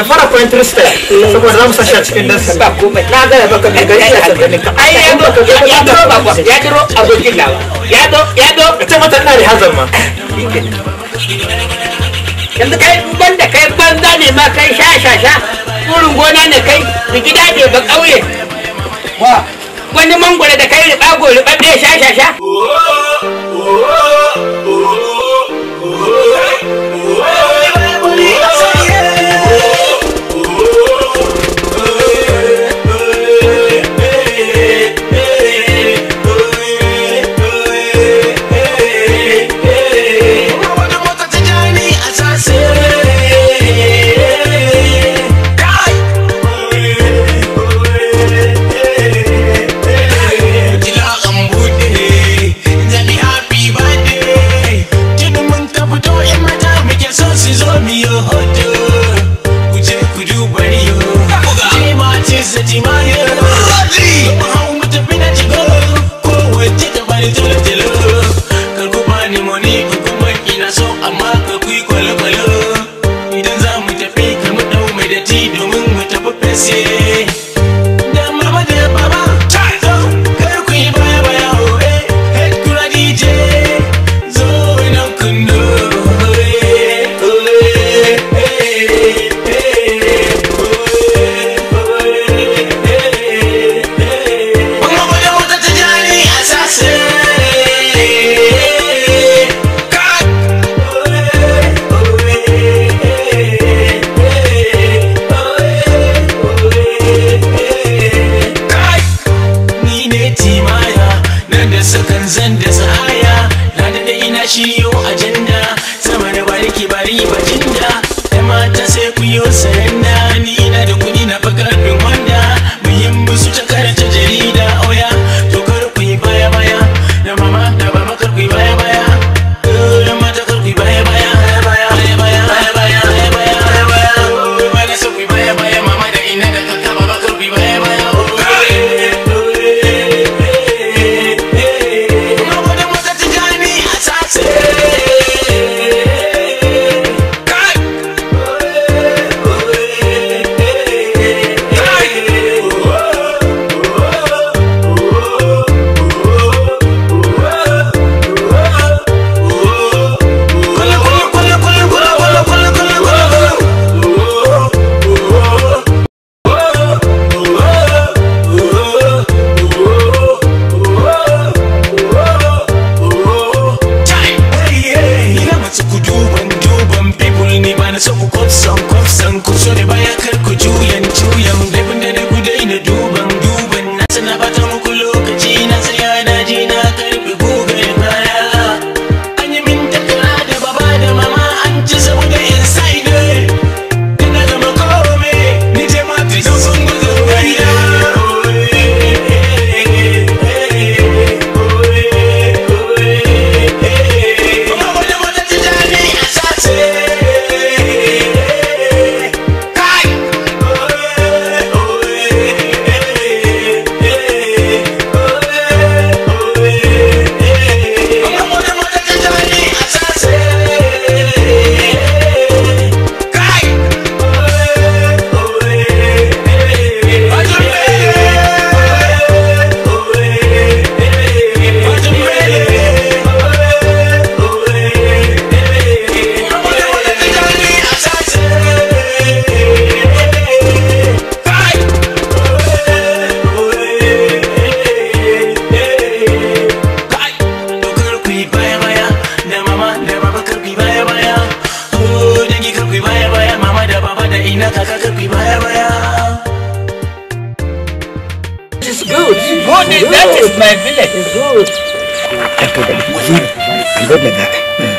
ta fara ko interested saboda za mu sashi a cikin dansa ba komai na ga baka mai gari da sabani ka ai ya do ya do ba ko ya do abokin lawa ya do ya do ita mata ina da hazan ma yanzu kai banda kai banza ne ma kai sha sha sha kurin gona ne kai gida ne ba kauye wa wani mangwara da kai riba sha sha say Good, that is my village. Good.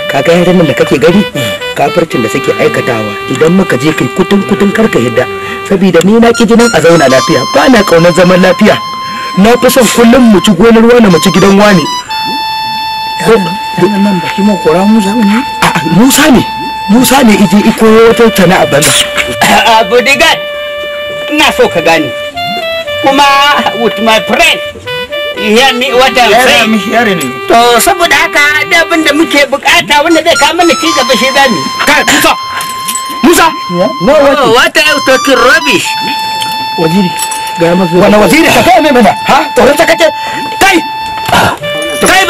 kaga yaran nan da kake gani kafircin da suke aikatawa idan muka je kai kutun kutun karka yadda saboda ni na ki jinin a zauna lafiya ba na kaunar zaman lafiya na fi son kullum mu ci gonar wani mu ci gidan wani nan ba kima kora musa ne musa ne musa ne ije iko wata tana a banza abu digan ina so ka gane kuma with my friend hear me what I'm yes, saying. I'm hearing you. To saboda haka da abin da muke bukata wanda zai kawo mana ci gaba shi zani. Kai Musa. Musa. No what? Oh, what are you talking rubbish? Waziri. Ga masu. Wannan waziri ka kai mai mana? Ha? Tsoron ta kace. Kai. Ah.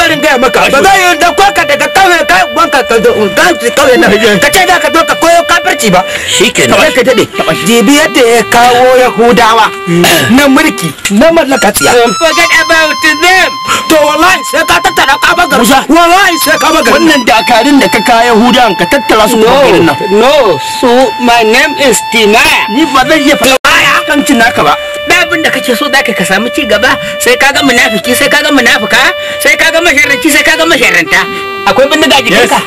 barin gaya maka ba zai yi da ko ka daga kawai ka wanka ka zo gansu kawai na ka ce ka zo ka koyo kafirci ba shikenan ka dade jibi yadda ya kawo yahudawa mm. na mulki na mallaka mm. forget about them to wallahi sai ka tattara ka bagar wallahi sai ka bagar wannan dakarun da ka kawo yahudawan ka tattara su kuma gidan nan no so my name is tinaya. ni ba zan iya faɗa kan cin naka ba da abin da kake so zaka ka samu ci gaba sai ka ga munafiki sai ka ga munafuka sai ka ga masharanci sai ka ga masharanta akwai da jikin ka.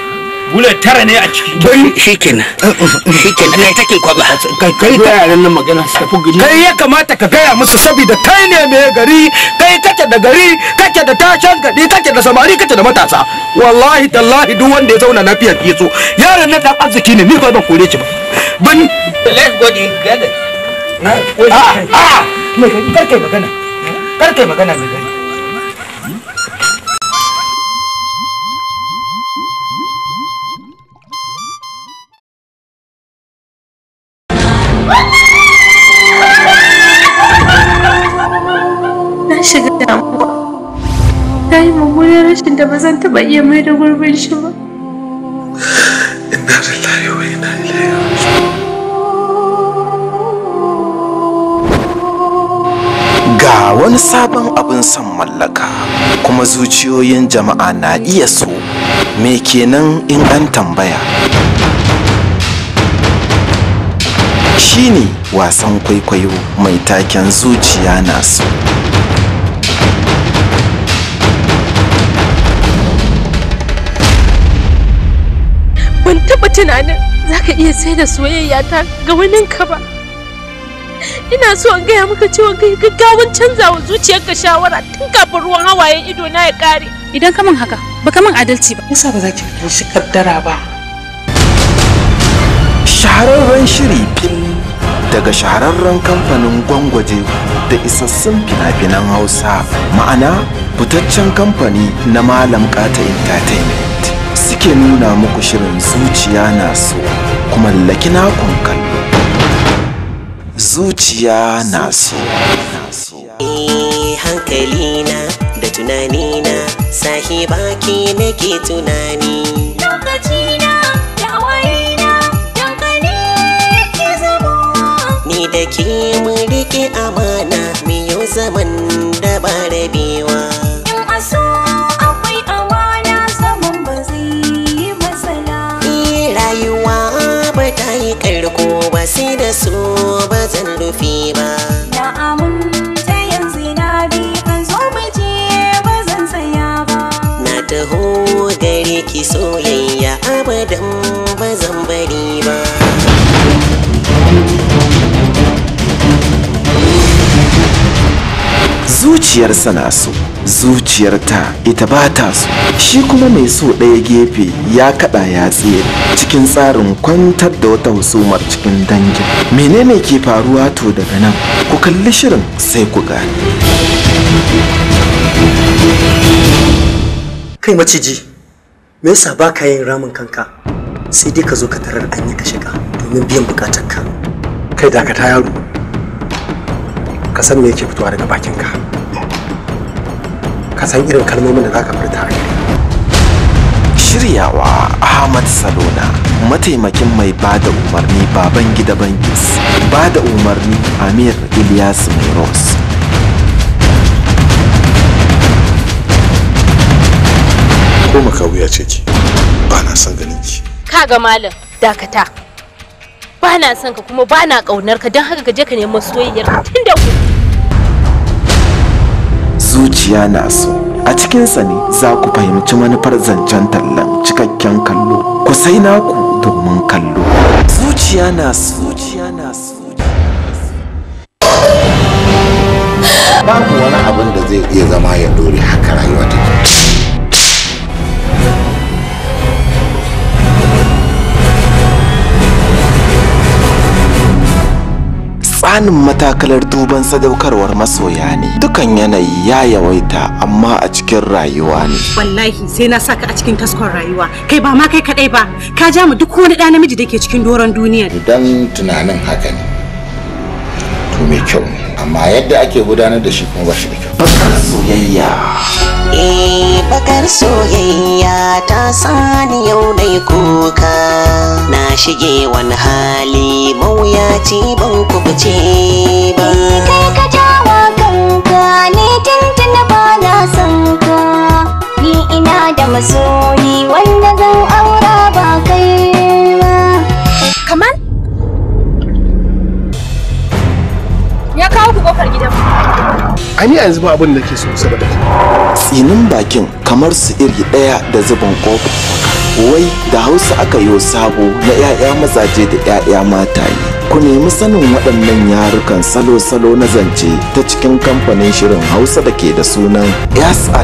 bullet tara ne a ciki don shikenan shikenan kai take ba kai kai ta yaran nan magana su tafi gari kai ya kamata ka gaya musu saboda kai ne mai gari kai kake da gari kake da tashan gadi kake da samari kake da matasa wallahi tallahi duk wanda ya zauna lafiyar ya so yaran nan da arziki ne ni ba zan kore shi ba ban let's go Ah, ah! mai gari kar magana magana mai na shiga ta yi rashin da ba zan taɓa iya mai da gurbin shi ba inna wani sabon abin son mallaka kuma zuciyoyin jama'a na iya so me kenan in an tambaya shine wasan kwaikwayo mai taken zuciya na so ban taɓa tunanin za ka iya sai da soyayya ta ga waninka ba ina so in gaya maka cewa kai gaggawan canza wa zuciyarka shawara tun kafin ruwan hawayen ido na ya kare idan ka min haka ba ka min adalci ba yasa ba za ki shi kaddara ba shahararren shiri fim daga shahararren kamfanin gwangwaje da isassun fina-finan hausa ma'ana fitaccen kamfani na malam kata entertainment suke nuna muku shirin zuciya na so kuma lakina kunka zuciya na so eh, hankalina da tunanina sahi baki nake tunani lokacina da hawayina dankali ke zama ni da ke mun rike amana miyo yau zaman da ba rabi sai da su ba zan rufe ba na'amun ta yanzu na bi kan zo mace ba zan saya ba na taho gare ki soyayya abadan ba zan bari ba zuciyar sana so zuciyar ta ita ba ta so shi kuma mai so ɗaya gefe ya kada ya tsere cikin tsarin kwantar da wata husumar cikin dangin menene ke faruwa to daga nan ku kalli shirin sai ku gane kai maciji me yasa ba yin ramin kanka sai dai ka zo ka tarar an yi ka shiga domin biyan ka kai dakata yaro ka san me yake fitowa daga bakinka ka san irin kalmomin da za ka furta a Shiryawa Ahmad Salona mataimakin mai bada umarni baban gida bankis bada umarni Amir Ilyas Mairos ko makawiya ce ki ba na son ganin ki kaga malam dakata ba na son ka kuma ba na kaunar ka don haka ka je ka nemi soyayyar tun ku zuciya na so a cikinsa ne za ku fahimci manufar zancen tallan cikakken kallo ku sai naku domin kallo zuciya na zuciya na babu wani abin da zai iya zama ya dore haka rayuwa take tsanin matakalar duban sadaukarwar masoya ne dukan yanayi ya yawaita amma a cikin rayuwa ne wallahi sai na saka a cikin taskon rayuwa kai ba ma kai kadai ba ka ja mu duk wani ɗa namiji da ke cikin doron duniya idan tunanin haka ne to me kyau amma yadda ake gudanar da shi kuma ba shi da kyau soyayya eh bakar soyayya ta sani yau dai kuka na shige wani hali mawuyaci ban kubuce ba eh, kai ka jawa kanka ne tuntun ba na san ka ni ina da masoyi wanda zan aura ba kai kamar ya kawo ku kofar gidan ani yanzu ba abin da ke so saboda tsinin bakin kamar su iri ɗaya da zubin kofi wai da hausa aka yi sabo na 'ya'ya mazaje da 'ya'ya mata ne ku nemi sanin waɗannan yarukan salo-salo na zance ta cikin kamfanin shirin hausa da ke da sunan s&a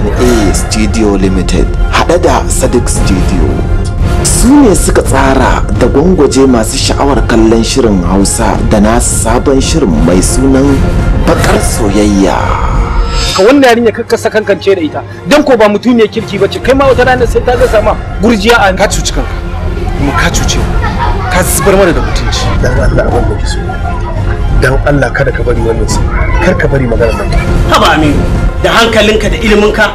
studio limited haɗe da sadiq studio su ne suka tsara da gwangwaje masu sha'awar kallon shirin hausa da nasu sabon shirin mai sunan bakar soyayya ka wannan yarinya ka kasa kankance da ita dan ko ba mutum ne kirki bace kai ma wata rana sai ta ga sama gurjiya a ka cuci kanka kuma ka cuce ka zubar mana da mutunci dan Allah abin da so dan Allah kada ka bari wannan sai kar ka bari maganar nan ba amin da hankalinka da iliminka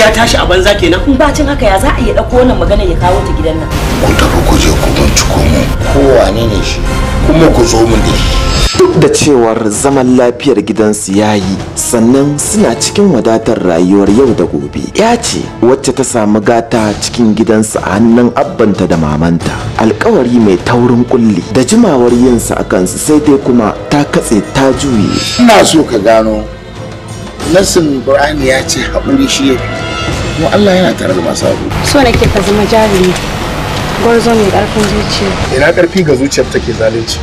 ya tashi a banza kenan in bacin haka ya za a yi dauko wannan magana ya kawo ta gidan nan ku tafi ku je ku bincike mu kowane ne shi kuma ku zo mun da shi duk da cewar zaman lafiyar gidansu ya yi sannan suna cikin wadatar rayuwar yau da gobe ya ce wacce ta samu gata cikin gidansu a hannun abbanta da mamanta alkawari mai taurin kulli da jimawar yinsa a kansu sai dai kuma ta katse ta juye ina so ka gano nasin burani ya ce haƙuri shi ya kuma allah yana tare da masu abu so nake ka zama jarumi gwarzo mai ƙarfin zuciya ina ƙarfi ga zuciyar take zalunci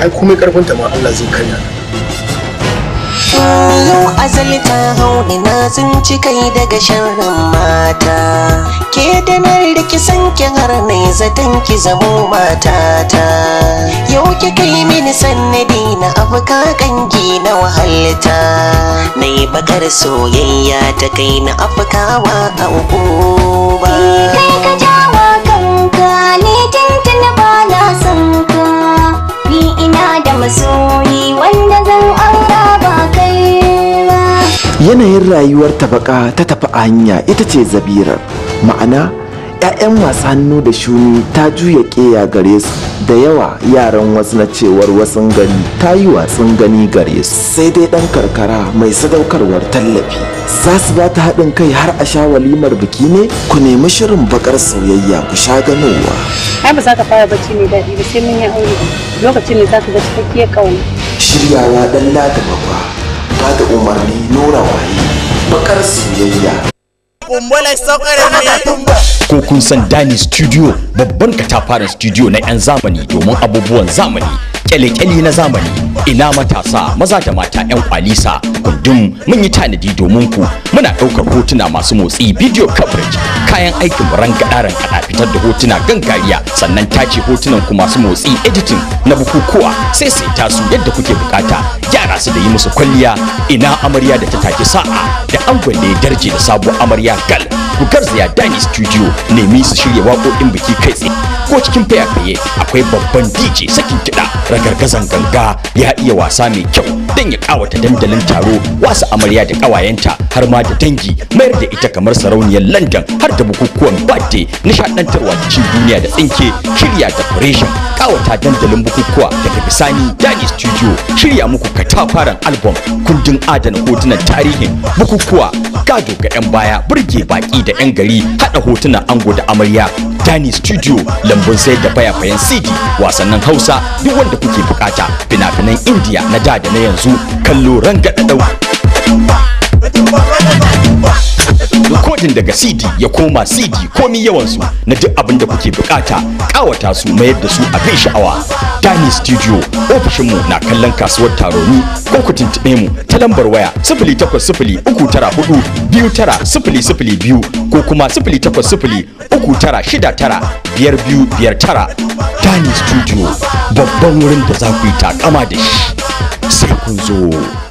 ai komai karfin ta ma Allah zai karya yau azali ta hau ina ci kai daga sharrin mata ke da nan riki san ki har ne zaton ki zamo matata yau ki kai mini sannadi na abu kangi na wahalta na yi bakar soyayya ta kai na afkawa a uku ba yanayin rayuwar tabaka ta tafi a hanya ita ce zabirar ma'ana 'ya'yan masu hannu da shuni ta juya ƙeya gare su da yawa yaran wasu na cewar wasun gani ta yi watsun gani gare su sai dai ɗan karkara mai sadaukarwar tallafi za su ba ta haɗin kai har a sha walimar biki ne ku nemi shirin bakar soyayya ku sha ganowa ai za ka fara bacci mai daɗi ba sai mun yi aure lokacin ne za ka ga cikakkiyar ƙauna shiryawa ɗan lada bakwa ba umarni nuna waye bakar siyayya ko kun san Dani Studio babban katafaren studio na 'yan zamani domin abubuwan zamani kyale na zamani ina matasa maza da mata 'yan kwalisa kundum mun yi tanadi domin ku muna ɗaukar hotuna masu motsi video coverage kayan aikin ran gadaran kada fitar da hotuna gangariya sannan tace hotunan ku masu motsi editing na bukukuwa sai sai tasu yadda kuke bukata yara su da yi musu kwalliya ina amarya da ta take sa'a da angon ya darje da sabuwar amarya gal ku garzaya Dani Studio nemi su shirya waƙoƙin biki kai tsaye ko cikin fayafaye akwai babban DJ sakin kiɗa ragargazan ganga ya iya wasa mai kyau don ya kawata dandalin taro wasu amarya da ƙawayenta har ma da dangi mayar da ita kamar sarauniyar London har da bukukuwan birthday nishaɗantarwa da cin duniya da tsinke shirya da fureshin kawata dandalin bukukuwa daga bisani Dani Studio shirya muku katafaren album kundin adana hotunan tarihin bukukuwa kado ga 'yan baya burge baki da 'yan gari haɗa hotunan ango da amarya Dani Studio lambun sayar da fayafayen CD wasannin Hausa duk wanda kuke bukata fina-finan India na da da na yanzu kallo dawa rikodin daga cd ya koma cd komi yawansu na duk abin da kuke bukata kawata su mayar da su a bin sha'awa dani studio ofishinmu na kallon kasuwar taroni ko ku tuntube mu ta lambar waya sifili takwas uku ko kuma sifili takwas uku dani studio babban wurin da za ku yi takama da shi sai kun zo